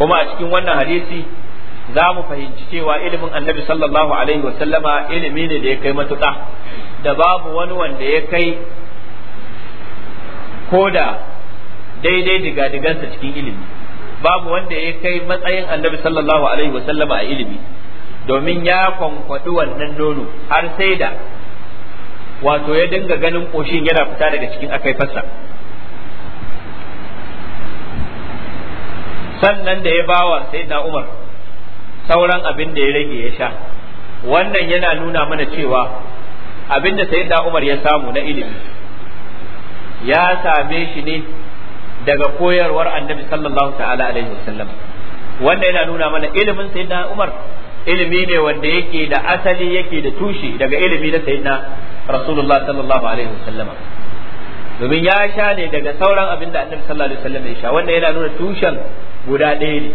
S2: kuma a cikin wannan hadisi za mu fahimci cewa ilimin annabi sallallahu alaihi wasallama ilimi ne da ya kai matuƙa da babu wani wanda ya kai koda daidai diga digansa cikin ilimi babu wanda ya kai matsayin annabi sallallahu alaihi wasallama a ilimi domin ya kwankwaɗi wannan nono har sai da wato ya dinga ganin ƙoshin yana fita daga cikin akai akaifarsa sannan da ya bawa sayyidina Umar sauran abin da ya rage ya sha wannan yana nuna mana cewa abin da sayyidina Umar ya samu na ilimi ya same shi ne daga koyarwar Annabi sallallahu ta'ala alaihi wasallam wanda yana nuna mana ilimin sayyidina Umar ilimi ne wanda yake da asali yake da tushe daga ilimi na sayyidina Rasulullah sallallahu alaihi wasallama domin ya sha ne daga sauran abin da Annabi sallallahu alaihi wasallam ya sha wanda yana nuna tushen guda ɗaya ne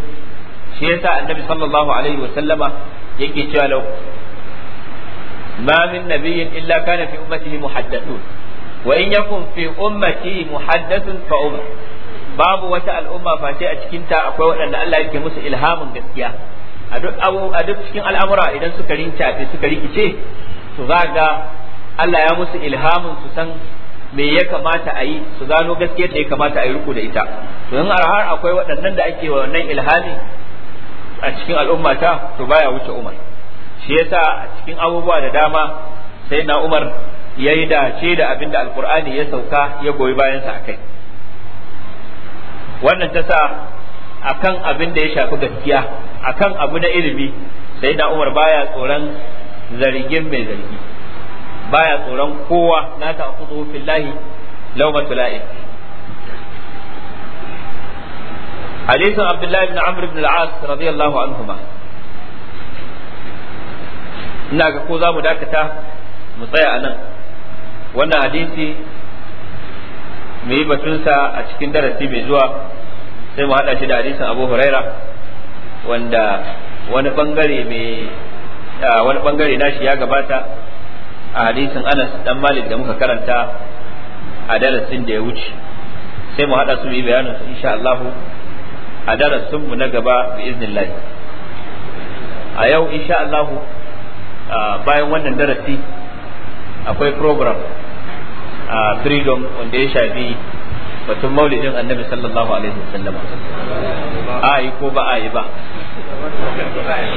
S2: shi yasa annabi sallallahu alaihi wasallama yake cewa lau ma min nabiyyin illa kana fi ummatihi muhaddathun wa in yakun fi ummati muhaddathun fa umma babu wata al'umma face a cikin ta akwai waɗanda Allah yake musu ilhamin gaskiya a duk abu a duk cikin al'amura idan suka rinca suka rikice to za ga Allah ya musu ilhamin su san me ya kamata a yi su gano gaskiyar da ya kamata a yi ruku da ita to in har akwai waɗannan da ake wa wannan ilhami a cikin al'umma ta to baya wuce Umar shi yasa a cikin abubuwa da dama sai na Umar ya yi dace da abin da alkur'ani ya sauka ya goyi bayansa sa kai wannan ta sa akan kan abin da ya shafi gaskiya akan abu na ilimi sai na umar baya tsoron zargin mai zargi baya tsoron kowa la ta'khudhu fillahi lawmatu la'in hadisin abdullahi ibn amr ibn al-as radiyallahu anhuma ina ga ko za mu dakata mu tsaya anan wannan hadisi mu yi batunsa a cikin darasi mai zuwa sai mu haɗa shi da hadisin abu huraira wanda wani bangare mai ah, wani bangare nashi ya gabata a hadisin Anas dan Malik da muka karanta a darasin da ya wuce sai mu hada su yi bayanin su insha Allah a darasin mu na gaba bi iznillah a yau insha Allah bayan wannan darasi akwai program a freedom wanda ya shafi batun maulidin annabi sallallahu alaihi wasallam a yi ko ba a ba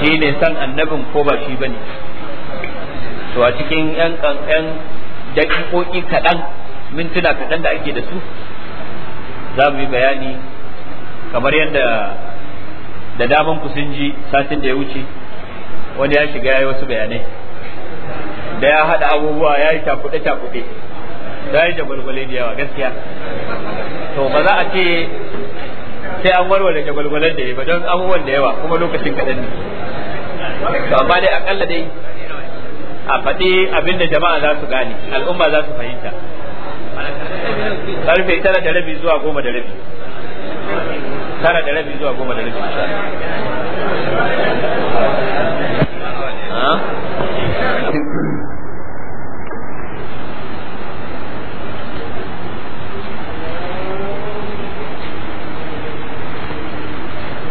S2: shi ne san annabin ko ba shi bane to a cikin yan kankan daƙiƙoƙi kaɗan mintuna kaɗan da ake da su za mu yi bayani kamar yadda da daman ku sun ji satin da ya wuce wani ya shiga ya yi wasu bayanai da ya haɗa abubuwa ya yi takuɗe-takuɗe da ya jagwalgwale da yawa gaskiya to ba za a ce sai an warware jagwalgwalen da ya ba don abubuwan da yawa kuma lokacin kaɗan ne to amma dai akalla dai a faɗi abinda jama'a za su gane al'umma za su fahimta karfe tara da rabi zuwa goma da rabi tara da rabi zuwa goma da rabi ah?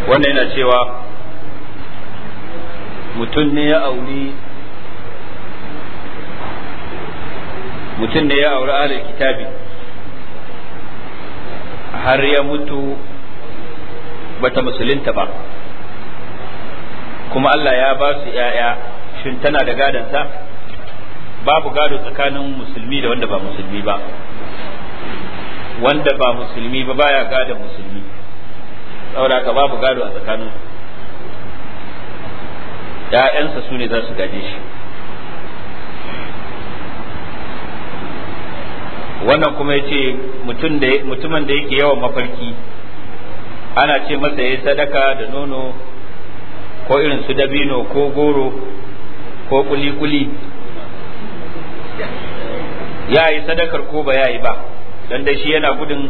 S2: wannan yana cewa mutum ne ya auri mutum da ya auri ahlul kitabi har ya mutu bata musulunta ba kuma Allah ya ba su ‘ya'ya shin tana da gadonsa babu gado tsakanin musulmi da wanda ba musulmi ba wanda ba musulmi ba baya gadon musulmi saboda ka babu gado a tsakanin ‘ya'yansa su ne za su gaje shi wannan kuma ya ce mutumin da yake yawan mafarki ana ce masa ya sadaka da nono ko irin su dabino ko goro ko kuli-kuli ya yi sadakar ko ba ya yi ba don dai shi yana gudun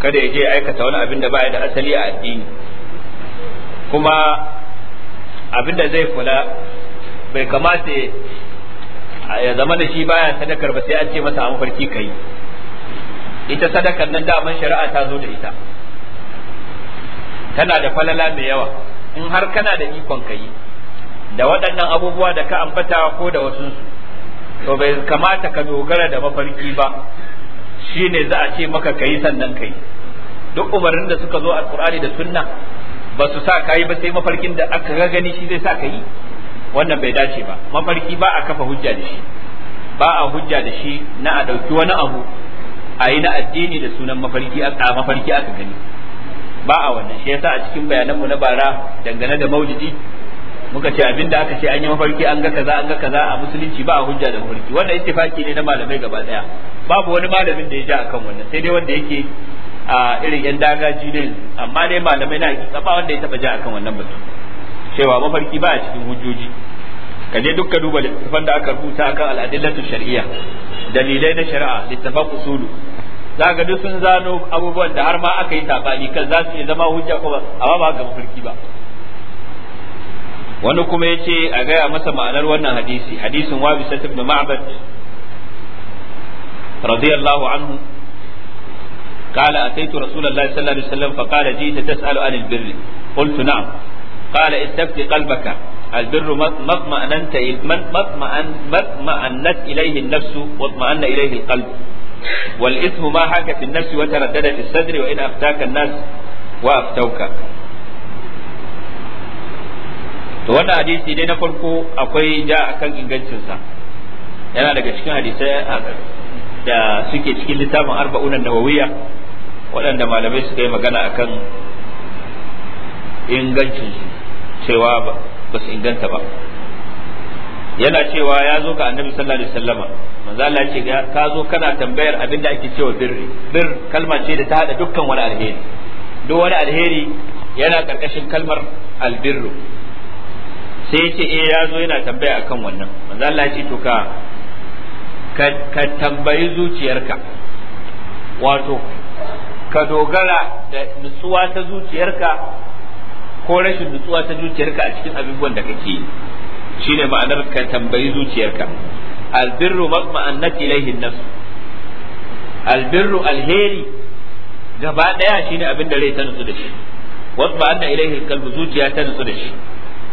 S2: kada ya je aikata wani abin da baya da asali a addini kuma abin da zai kula bai kamata ya zama da shi baya sadakar ba sai an ce masa a mafarki kai ita sadakar nan daman shari'a ta zo da ita tana da falala mai yawa in har kana da ikon ka da waɗannan abubuwa da ka ambata ko da wasu to bai kamata ka dogara da mafarki ba shine za a ce maka kayi sannan kai duk umarnin da suka zo alkur'ani da sunna ba su sa kayi ba sai mafarkin da aka ga gani shi zai sa kayi wannan bai dace ba mafarki ba a kafa hujja da shi ba a hujja da shi na a ɗauki wani abu a yi na addini da sunan mafarki a mafarki aka gani ba a wannan shi yasa a cikin bayananmu na bara dangane da maujidi muka ce abin da aka ce an yi mafarki an ga kaza an ga kaza a musulunci ba a hujja da mafarki wannan ittifaki ne na malamai gaba daya babu wani malamin da ya ji akan wannan sai dai wanda yake a irin yan dagaji ne amma dai malamai na hakika ba wanda ya taba ji akan wannan batu cewa mafarki ba a cikin hujjoji ka je dukka duba littafan da aka rubuta akan al'adillatu shari'a. dalilai na shari'a littafan usulu za ga duk sun zano abubuwan da har ma aka yi sabani kan za su iya zama hujja ko amma ba ga mafarki ba wani kuma ya ce a gaya masa ma'anar wannan hadisi hadisin wa bisa ibn ma'bad radiyallahu anhu قال أتيت رسول الله صلى الله عليه وسلم فقال جئت تسأل عن البر قلت نعم qala istafti qalbaka البر ما اطمأننت ما النفس واطمأن إليه القلب والإثم ما حاك في النفس وتردد في الصدر وإن أفتاك الناس وأفتوك to wannan hadisi dai na farko akwai ja akan ingancinsa yana daga cikin hadisai ah, da suke cikin littafin arba'unan nawawiya waɗanda malamai suka yi magana akan ingancinsu cewa ba su inganta ba yana cewa ya zo ga annabi sallallahu alaihi wasallama manzo Allah ce ka zo kana tambayar abin da ake cewa birri bir kalma ce da ta hada dukkan wani alheri duk wani alheri yana karkashin kalmar albirru sai ya ce eh ya zo yana tambaya akan wannan manzo Allah ce to ka ka tambayi zuciyarka wato ka dogara da nutsuwa ta zuciyarka ko rashin nutsuwa ta zuciyarka a cikin abubuwan da kake yi shine ma'anar ka tambayi zuciyarka albirru matma'annat ilaihi nafs albirru alheri gaba daya shine abin da rai ta nutsu da shi watma'anna ilaihi kalbu zuciya ta nutsu da shi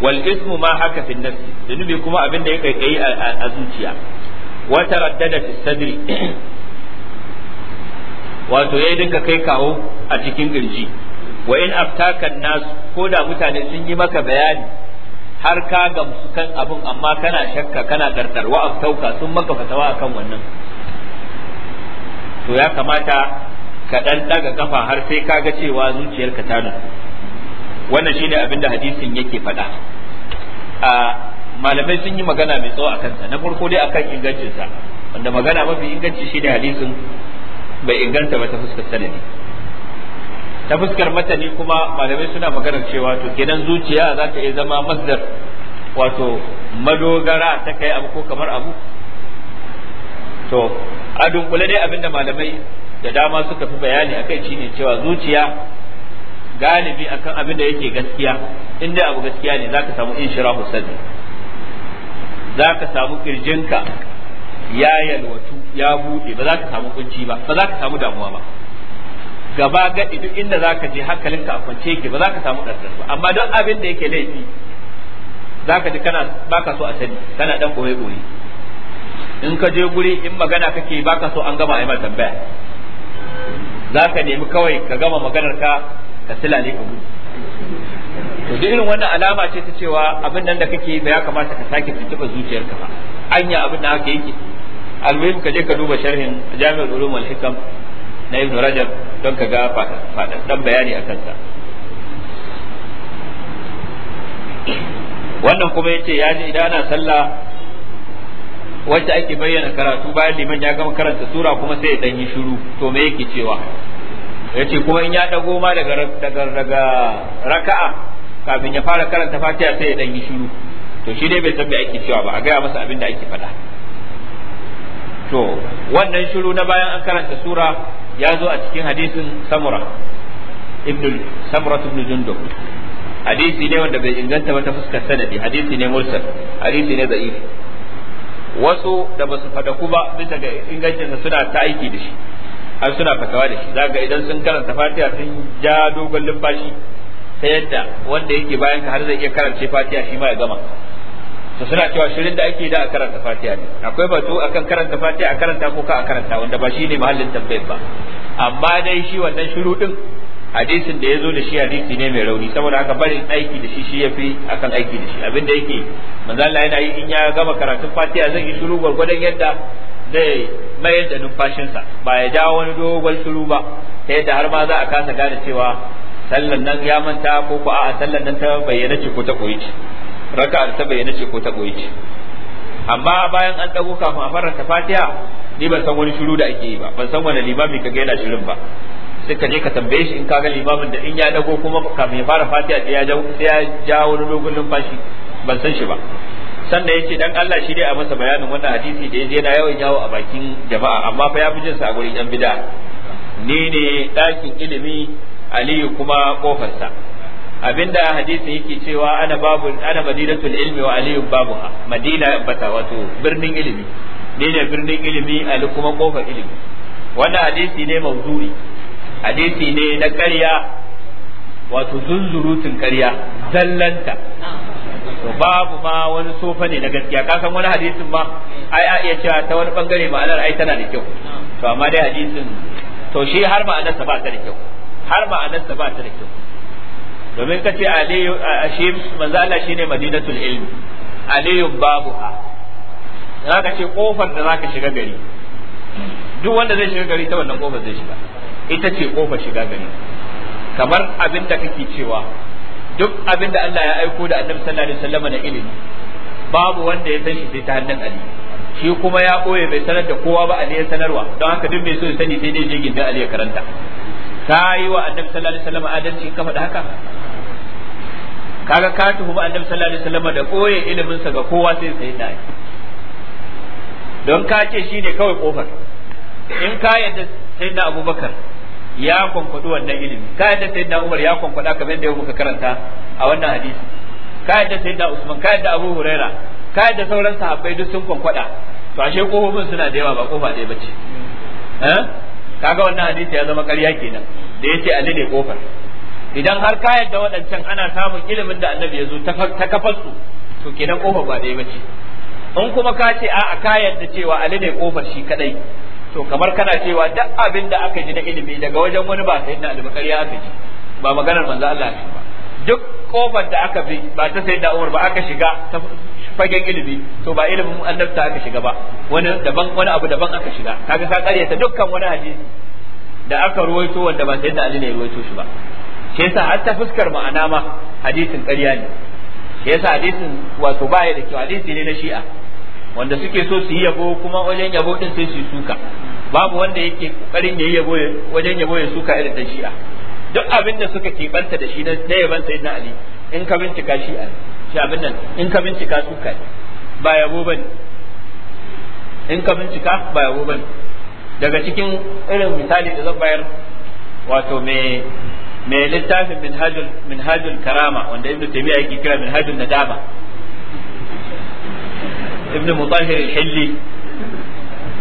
S2: wal ismu ma haka fi nafs zunubi kuma abin da ya kaikayi a zuciya wa taraddada fi sadri wato yayin da kai kawo a cikin kirji wa in aftakan nas ko da mutane sun yi maka bayani har ka gamsu kan abin amma kana shakka kana dardar wa aftauka sun maka fatawa akan wannan to ya kamata ka dan daga kafa har sai ka ga cewa zuciyarka ta nutsu wannan shine abin da hadisin yake faɗa a malamai sun yi magana mai tsawo akan sa na farko dai akan ingancinsa wanda magana mafi inganci shine hadisin bai inganta ba ta fuskar sanadi ta fuskar matani kuma malamai suna maganar cewa to kenan zuciya za ta iya zama masdar wato madogara ta kai abu ko kamar abu to a dunkule dai abinda malamai da dama suka fi bayani akai shine cewa zuciya galibi akan abin da yake gaskiya in dai abu gaskiya ne zaka samu inshirahu sadri zaka samu kirjinka ya yalwatu ya bude ba za ka samu kunci ba ba za ka samu damuwa ba gaba gadi duk inda zaka je hankalinka a kwance ki ba za ka samu ɗarɗar ba amma don abin da yake laifi za ka ji kana baka so a sani kana dan koyi koyi in ka je guri in magana kake baka so an gama a yi tambaya za ka nemi kawai ka gama maganar ka ka silale ka gudu to duk irin wannan alama ce ta cewa abin nan da kake ba ya kamata ka sake tuntuɓa zuciyarka ba anya abin da haka yake almuhim ka je ka duba sharhin jami'ul ulum wal hikam na ibn rajab don ka ga faɗaɗɗen bayani a kansa wannan kuma yace ya ji idan ana sallah wacce ake bayyana karatu bayan liman ya gama karanta sura kuma sai ya dan yi shiru to me yake cewa yace kuma in ya dago ma daga daga raka'a kafin ya fara karanta fatiha sai ya dan yi shiru to shi dai bai san me ake cewa ba a gaya masa abin da ake faɗa to wannan shiru na bayan an karanta sura ya zo a cikin hadisin samura ibn samura ibn jundub hadisi ne wanda bai inganta ba ta fuskar sanadi hadisi ne mursal hadisi ne da'if wasu da basu fadaku ba bisa ga ingancinsa suna ta aiki da shi har suna fatawa da shi zaka idan sun karanta fatiha sun ja dogon lumfashi ta yadda wanda yake bayan ka har zai iya karance fatiha shi ma ya gama to suna cewa shirin da ake da a karanta fatiha ne akwai batu akan karanta fatiha a karanta ko ka a karanta wanda ba shine mahallin tambayar ba amma dai shi wannan shiru din hadisin da ya zo da shi hadisi ne mai rauni saboda haka barin aiki da shi shi yafi akan aiki da shi abin da yake manzo Allah yana yi in ya gama karatun Fatiha zan yi shiru gwargwadon yadda zai mayar da numfashinsa ba ya jawo wani dogon shiru ba ta yadda har ma za a kasa gane cewa sallan nan ya manta ko ku a sallan nan ta bayyana ce ko ta koyi ce raka'ar ta bayyana ce ko ta goyi ce amma bayan an dago kafin a ta fatiha ni ban san wani shiru da ake yi ba ban san wani limami ka yana shirin ba sai ka je ka tambaye shi in ka ga limamin da in ya dago kuma kafin ya fara fatiha sai ya sai ya ja wani dogon numfashi ban san shi ba sannan yace dan Allah shi dai a masa bayanin wannan hadisi da yaje yana yawan yawo a bakin jama'a amma fa ya fi jin sa a gurin yan bid'a ni ne dakin ilimi Aliyu kuma kofarsa abinda hadisi yake cewa ana babu ana madinatul ilmi wa aliyun babuha madina bata wato birnin ilimi ne ne birnin ilimi ali kuma kofar ilimi wannan hadisi ne mawdu'i hadisi ne na ƙarya wato zunzurutun ƙarya zallanta to babu ma wani sofa ne na gaskiya ka wani hadisin ma ai a iya cewa ta wani bangare ma'anar ai tana da kyau to amma dai hadisin to shi har ma'anarsa ba ta da kyau har ma'anarsa ba ta da kyau domin ka ce aliyu shi manzo Allah shine madinatul ilmi aliyu babuha zaka ce kofar da zaka shiga gari duk wanda zai shiga gari ta wannan kofar zai shiga ita ce kofar shiga gari kamar abin da kake cewa duk abin da Allah ya aiko da Annabi sallallahu alaihi wasallam da ilimi babu wanda ya san shi sai ta hannun Ali shi kuma ya koye bai sanar da kowa ba Ali ya sanarwa don haka duk mai so ya sani sai dai je gindin Ali ya karanta ka yi wa Annabi sallallahu alaihi wasallam adalci ka faɗa haka kaga ka ba annabi sallallahu alaihi wasallam da koye ilimin sa ga kowa sai sai dai don ka ce shine kawai kofar in ka yadda sai da abubakar ya kwankwado wannan ilimi ka yadda sai da umar ya kwankwada kamar da yau muka karanta a wannan hadisi ka yadda sai da usman ka yadda abu huraira ka yadda sauran sahabbai duk sun kwankwada to ashe kofofin suna da yawa ba kofa ɗaya bace eh kaga wannan hadisi ya zama ƙarya kenan da yace alli ne kofar idan har ka yadda waɗancan ana samun ilimin da annabi ya zo ta kafarsu to kenan kofar ba ɗaya bace in kuma ka ce a'a ka yadda cewa ali ne kofar shi kadai to kamar kana cewa duk abin da aka ji na ilimi daga wajen wani ba sai na bakari ya aka ji ba maganar manzo Allah ne ba duk kofar da aka bi ba ta sai da Umar ba aka shiga ta fagen ilimi to ba ilimin annabta aka shiga ba wani daban wani abu daban aka shiga kaga ka karyata dukkan wani hadisi da aka ruwaito wanda ba da ali ne ya ruwaito shi ba shi yasa har ta fuskar ma'ana ma hadisin ƙarya ne shi yasa hadisin wato baya da kyau hadisi ne na shi'a wanda suke so su yi yabo kuma wajen yabo din sai su yi suka babu wanda yake ƙarin ya yi yabo wajen yabo ya suka irin da shi'a duk abin da suka kebanta da shi na yaban na ali in ka bincika shi'a shi abin nan in ka bincika suka ne ba yabo bane in ka bincika ba yabo bane daga cikin irin misali da zan bayar wato me mai littafin minhajul minhajul karama wanda ibnu taymiya yake kira minhajul nadama ibnu mutahhir al-hilli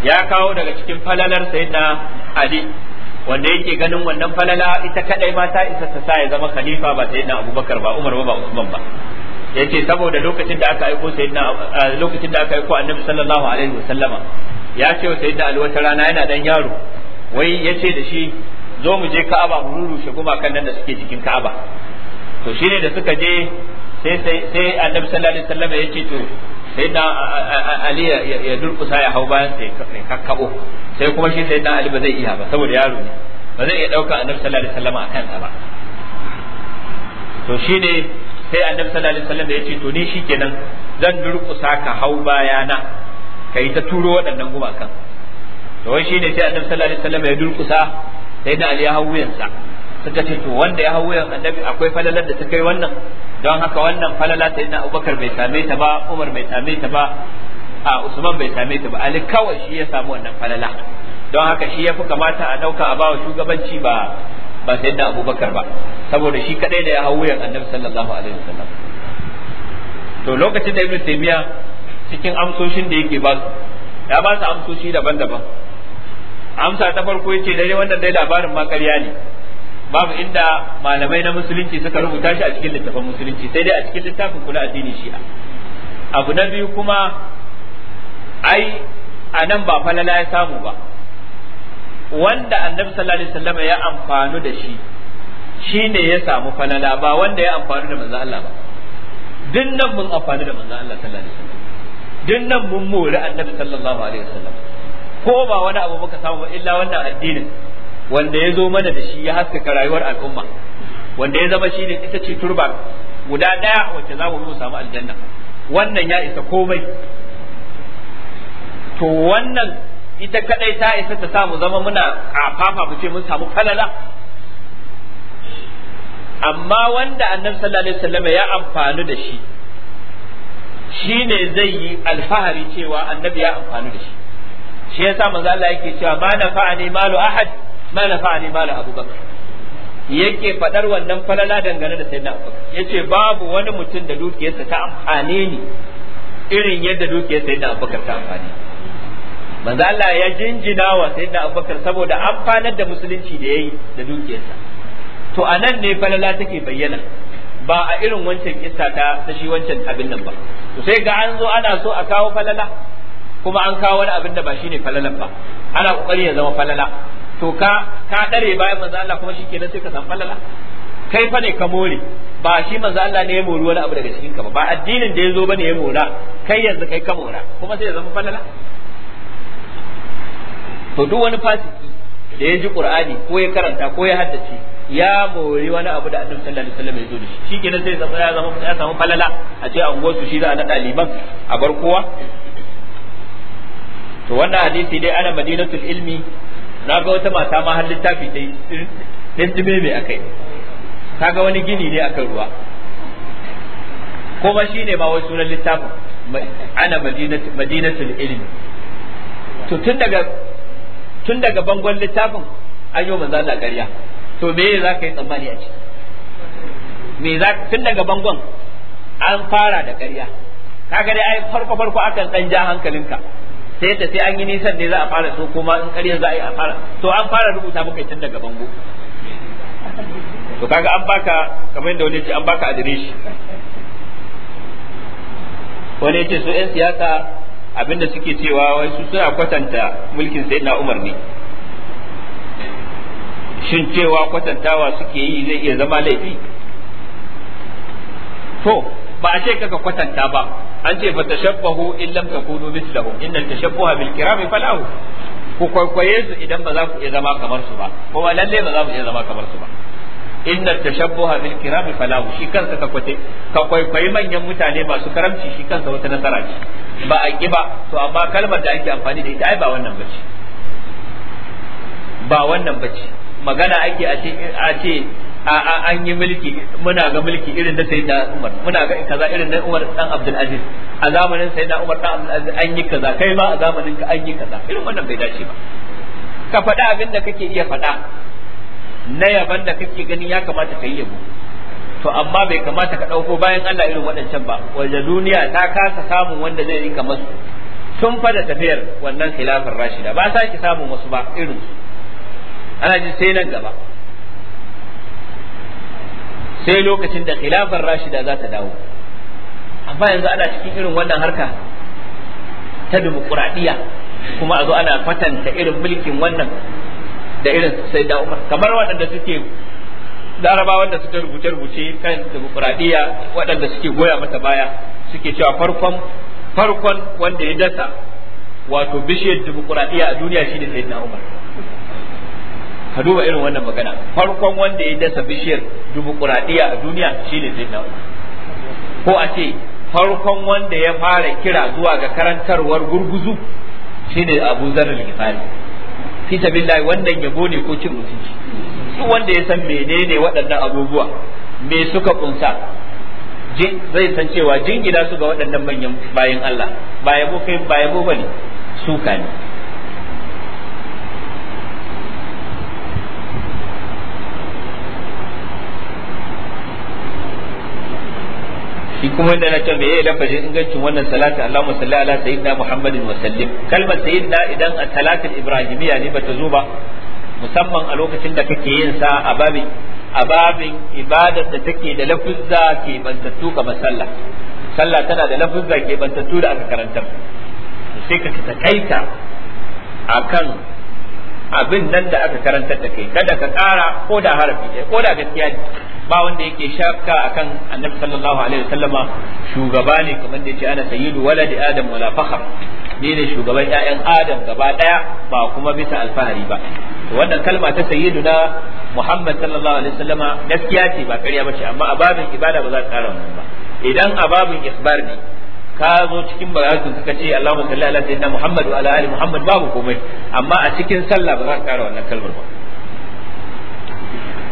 S2: ya kawo daga cikin falalar sayyidina ali wanda yake ganin wannan falala ita kadai ma ta isa ta sa ya zama khalifa ba sayyidina abubakar ba umar ba ba usman ba yace saboda lokacin da aka aiko sayyidina lokacin da aka aiko annabi sallallahu alaihi wasallama ya ce wa sayyidina ali wata rana yana dan yaro wai yace da shi zo mu je ka'aba mu rurrushe gumakan nan da suke jikin ka'aba to shine da suka je sai sai sai annabi sallallahu alaihi wasallam ya ce to sai da ali ya durkusa ya hau bayan sai kakkabo sai kuma shi sai da ali ba zai iya ba saboda yaro ne ba zai iya dauka annabi sallallahu alaihi wasallam akan sa ba to shine sai annabi sallallahu alaihi wasallam ya ce to ni shikenan zan durkusa ka hau bayana kai ta turo waɗannan gumakan to wai shine sai annabi sallallahu alaihi wasallam ya durkusa sai da ali ya hau wuyansa suka ce to wanda ya hau wuyan annabi akwai falalar da ta kai wannan don haka wannan falala ta na abubakar bai same ta ba umar bai same ta ba a usman bai same ta ba ali kawai shi ya samu wannan falala don haka shi ya fi kamata a ɗauka a bawa shugabanci ba ba sai da abubakar ba saboda shi kadai da ya hau wuyan annabi sallallahu alaihi wasallam to lokacin da ibnu taymiya cikin amsoshin da yake ba ya ba su amsoshi daban-daban amsa ta farko yace dai wannan dai labarin ma ƙarya ne babu inda malamai na musulunci suka rubuta shi a cikin littafin musulunci sai dai a cikin littafin kula addini shi'a abu na biyu kuma ai a nan ba falala ya samu ba wanda annabi sallallahu alaihi wasallam ya amfanu da shi shine ya samu falala ba wanda ya amfanu da manzo Allah ba duk nan mun amfanu da manzo Allah sallallahu alaihi wasallam duk nan mun mori annabi sallallahu alaihi wasallam ko ba wani abu muka samu illa wannan addinin wanda ya zo mana da shi ya haskaka rayuwar al'umma wanda ya zama shi ne ita ce turba guda ɗaya wacce za mu mu samu aljanna wannan ya isa komai to wannan ita kadai ta isa ta samu zama muna afafa mu ce mun samu falala amma wanda annabi sallallahu alaihi wasallam ya amfani da shi shine zai yi alfahari cewa annabi ya amfani da shi shi yasa manzo Allah yake cewa ma nafa'ani malu ahad ma nafa'ani malu abubakar yake fadar wannan falala dangane da sayyidina abubakar yace babu wani mutum da dukiyarsa ta amfane ni irin yadda dukiyar sayyidina abubakar ta amfane manzo Allah ya jinjina wa sayyidina abubakar saboda amfanar da musulunci da yayi da dukiyarsa to anan ne falala take bayyana ba a irin wancan kissa ta ta shi wancan abin nan ba to sai ga an zo ana so a kawo falala kuma an kawo wani abin da ba shine falalan ba ana kokari ya zama falala to ka ka dare bayan manzo Allah kuma shikenan sai ka san falala kai fa ne ka more ba shi manzo Allah ne ya mori wani abu daga cikin ka ba addinin da ya zo bane ya mora kai yanzu kai ka mora kuma sai ya zama falala to duk wani fasiki da ya ji qur'ani ko ya karanta ko ya haddace ya mori wani abu da annabi sallallahu alaihi wasallam ya zo da shi shikenan sai ya zama ya samu falala a ce an gosu shi za a nada liman a bar kowa to wannan hadisi dai ana madinatul ilmi na ga wata mata ma har littafi ta yi tintime mai akai ta ga wani gini ne akan ruwa kuma shi ne ma wani sunan littafin ana madinatul ilmi to tun daga tun daga bangon littafin an yi manzo Allah ƙarya to me za ka yi tsammani a ciki me za tun daga bangon an fara da ƙarya kaga dai ai farko farko akan dan ja hankalinka sai ta sai an yi nisan ne za a fara so kuma in ƙarya za a yi a fara to an fara rubuta maka tun daga bango to kaga an baka kamar yadda wani ce an baka adireshi wani ya ce so 'yan siyasa abinda suke cewa wai su suna kwatanta mulkin sai na umar ne shin cewa kwatantawa suke yi zai iya zama laifi to ba a ce kaka kwatanta ba an ce fa tashabbahu in lam takunu mithlahum innal tashabbuha bil kirami falahu ku kwaikwaye su idan ba za ku iya zama kamar su ba ko ba lalle ba za mu iya zama kamar su ba In inna tashabbuha bil kirami falahu shi kansa ka kwate ka kwaikwayi manyan mutane masu karamci shi kansa wata nasara ce ba a ki ba to amma kalmar da ake amfani da ita ai ba wannan bace ba wannan bace magana ake a ce a an yi mulki muna ga mulki irin na Sayyida Umar muna ga kaza irin na Umar dan Abdul Aziz a zamanin Sayyida Umar dan Abdul Aziz an yi kaza kai ma a zamanin ka an yi kaza irin wannan bai dace ba ka faɗa abin da kake iya faɗa na yaban da kake gani ya kamata ka yi yabo to amma bai kamata ka ɗauko bayan Allah irin waɗancan ba wanda duniya ta kasa samun wanda zai rinka masu sun fada tafiyar wannan khilafin rashida ba sa ki samun wasu ba irin ana ji sai nan gaba sai lokacin da khilafar rashida za ta dawo amma yanzu ana cikin irin wannan harka ta dimokuraɗiyya kuma a zo ana kwatanta irin mulkin wannan da irin sai da umar kamar waɗanda suke laraba wanda suke rubuce-rubuce kan dimokuraɗiyya waɗanda suke goya mata baya suke cewa farkon farkon wanda ya dasa wato bishiyar dimokuraɗiyya a duniya shine da umar ka duba irin wannan magana farkon wanda ya dasa bishiyar dimokuraɗiyya a duniya shine sayyidina ko a ce farkon wanda ya fara kira zuwa ga karantarwar gurguzu shine abu zarar gifari fi tabillahi wannan yabo ne ko cin mutunci duk wanda ya san menene waɗannan abubuwa me suka kunsa zai san cewa jingina su ga waɗannan manyan bayan Allah ba yabo kai ba yabo bane suka ne shi kuma inda na ce me yayi lafazin ingancin wannan salati Allahumma salli ala sayyidina Muhammadin wa sallim kalmar sayyidina idan a salatin ibrahimiyya ne bata zo ba musamman a lokacin da kake yin sa a babin a babin ibadar da take da lafuzza ke bantattu kamar sallah sallah tana da lafuzza ke bantattu da aka karanta sai ka takaita akan abin nan da aka karantar da kai kada ka ƙara ko da harafi ɗaya ko da gaskiya ne ba wanda yake shakka akan annabi sallallahu alaihi wasallama shugaba ne kamar da yace ana sayyidu waladi adam wala fakhar ni ne shugaban ƴaƴan adam gaba ɗaya ba kuma bisa alfahari ba wannan kalma ta sayyidu na muhammad sallallahu alaihi wasallama gaskiya ce ba ƙarya bace amma a babin ibada ba za ta ƙara wannan ba idan a babin isbar ne ka zo cikin baratun ka ce Allahumma salli ala sayyidina Muhammad wa ala ali Muhammad babu komai amma a cikin sallah ba za ka kara wannan kalmar ba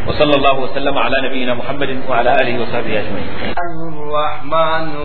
S2: wa sallallahu wa sallama ala nabiyyina Muhammadin wa ala alihi wa sahbihi ajma'in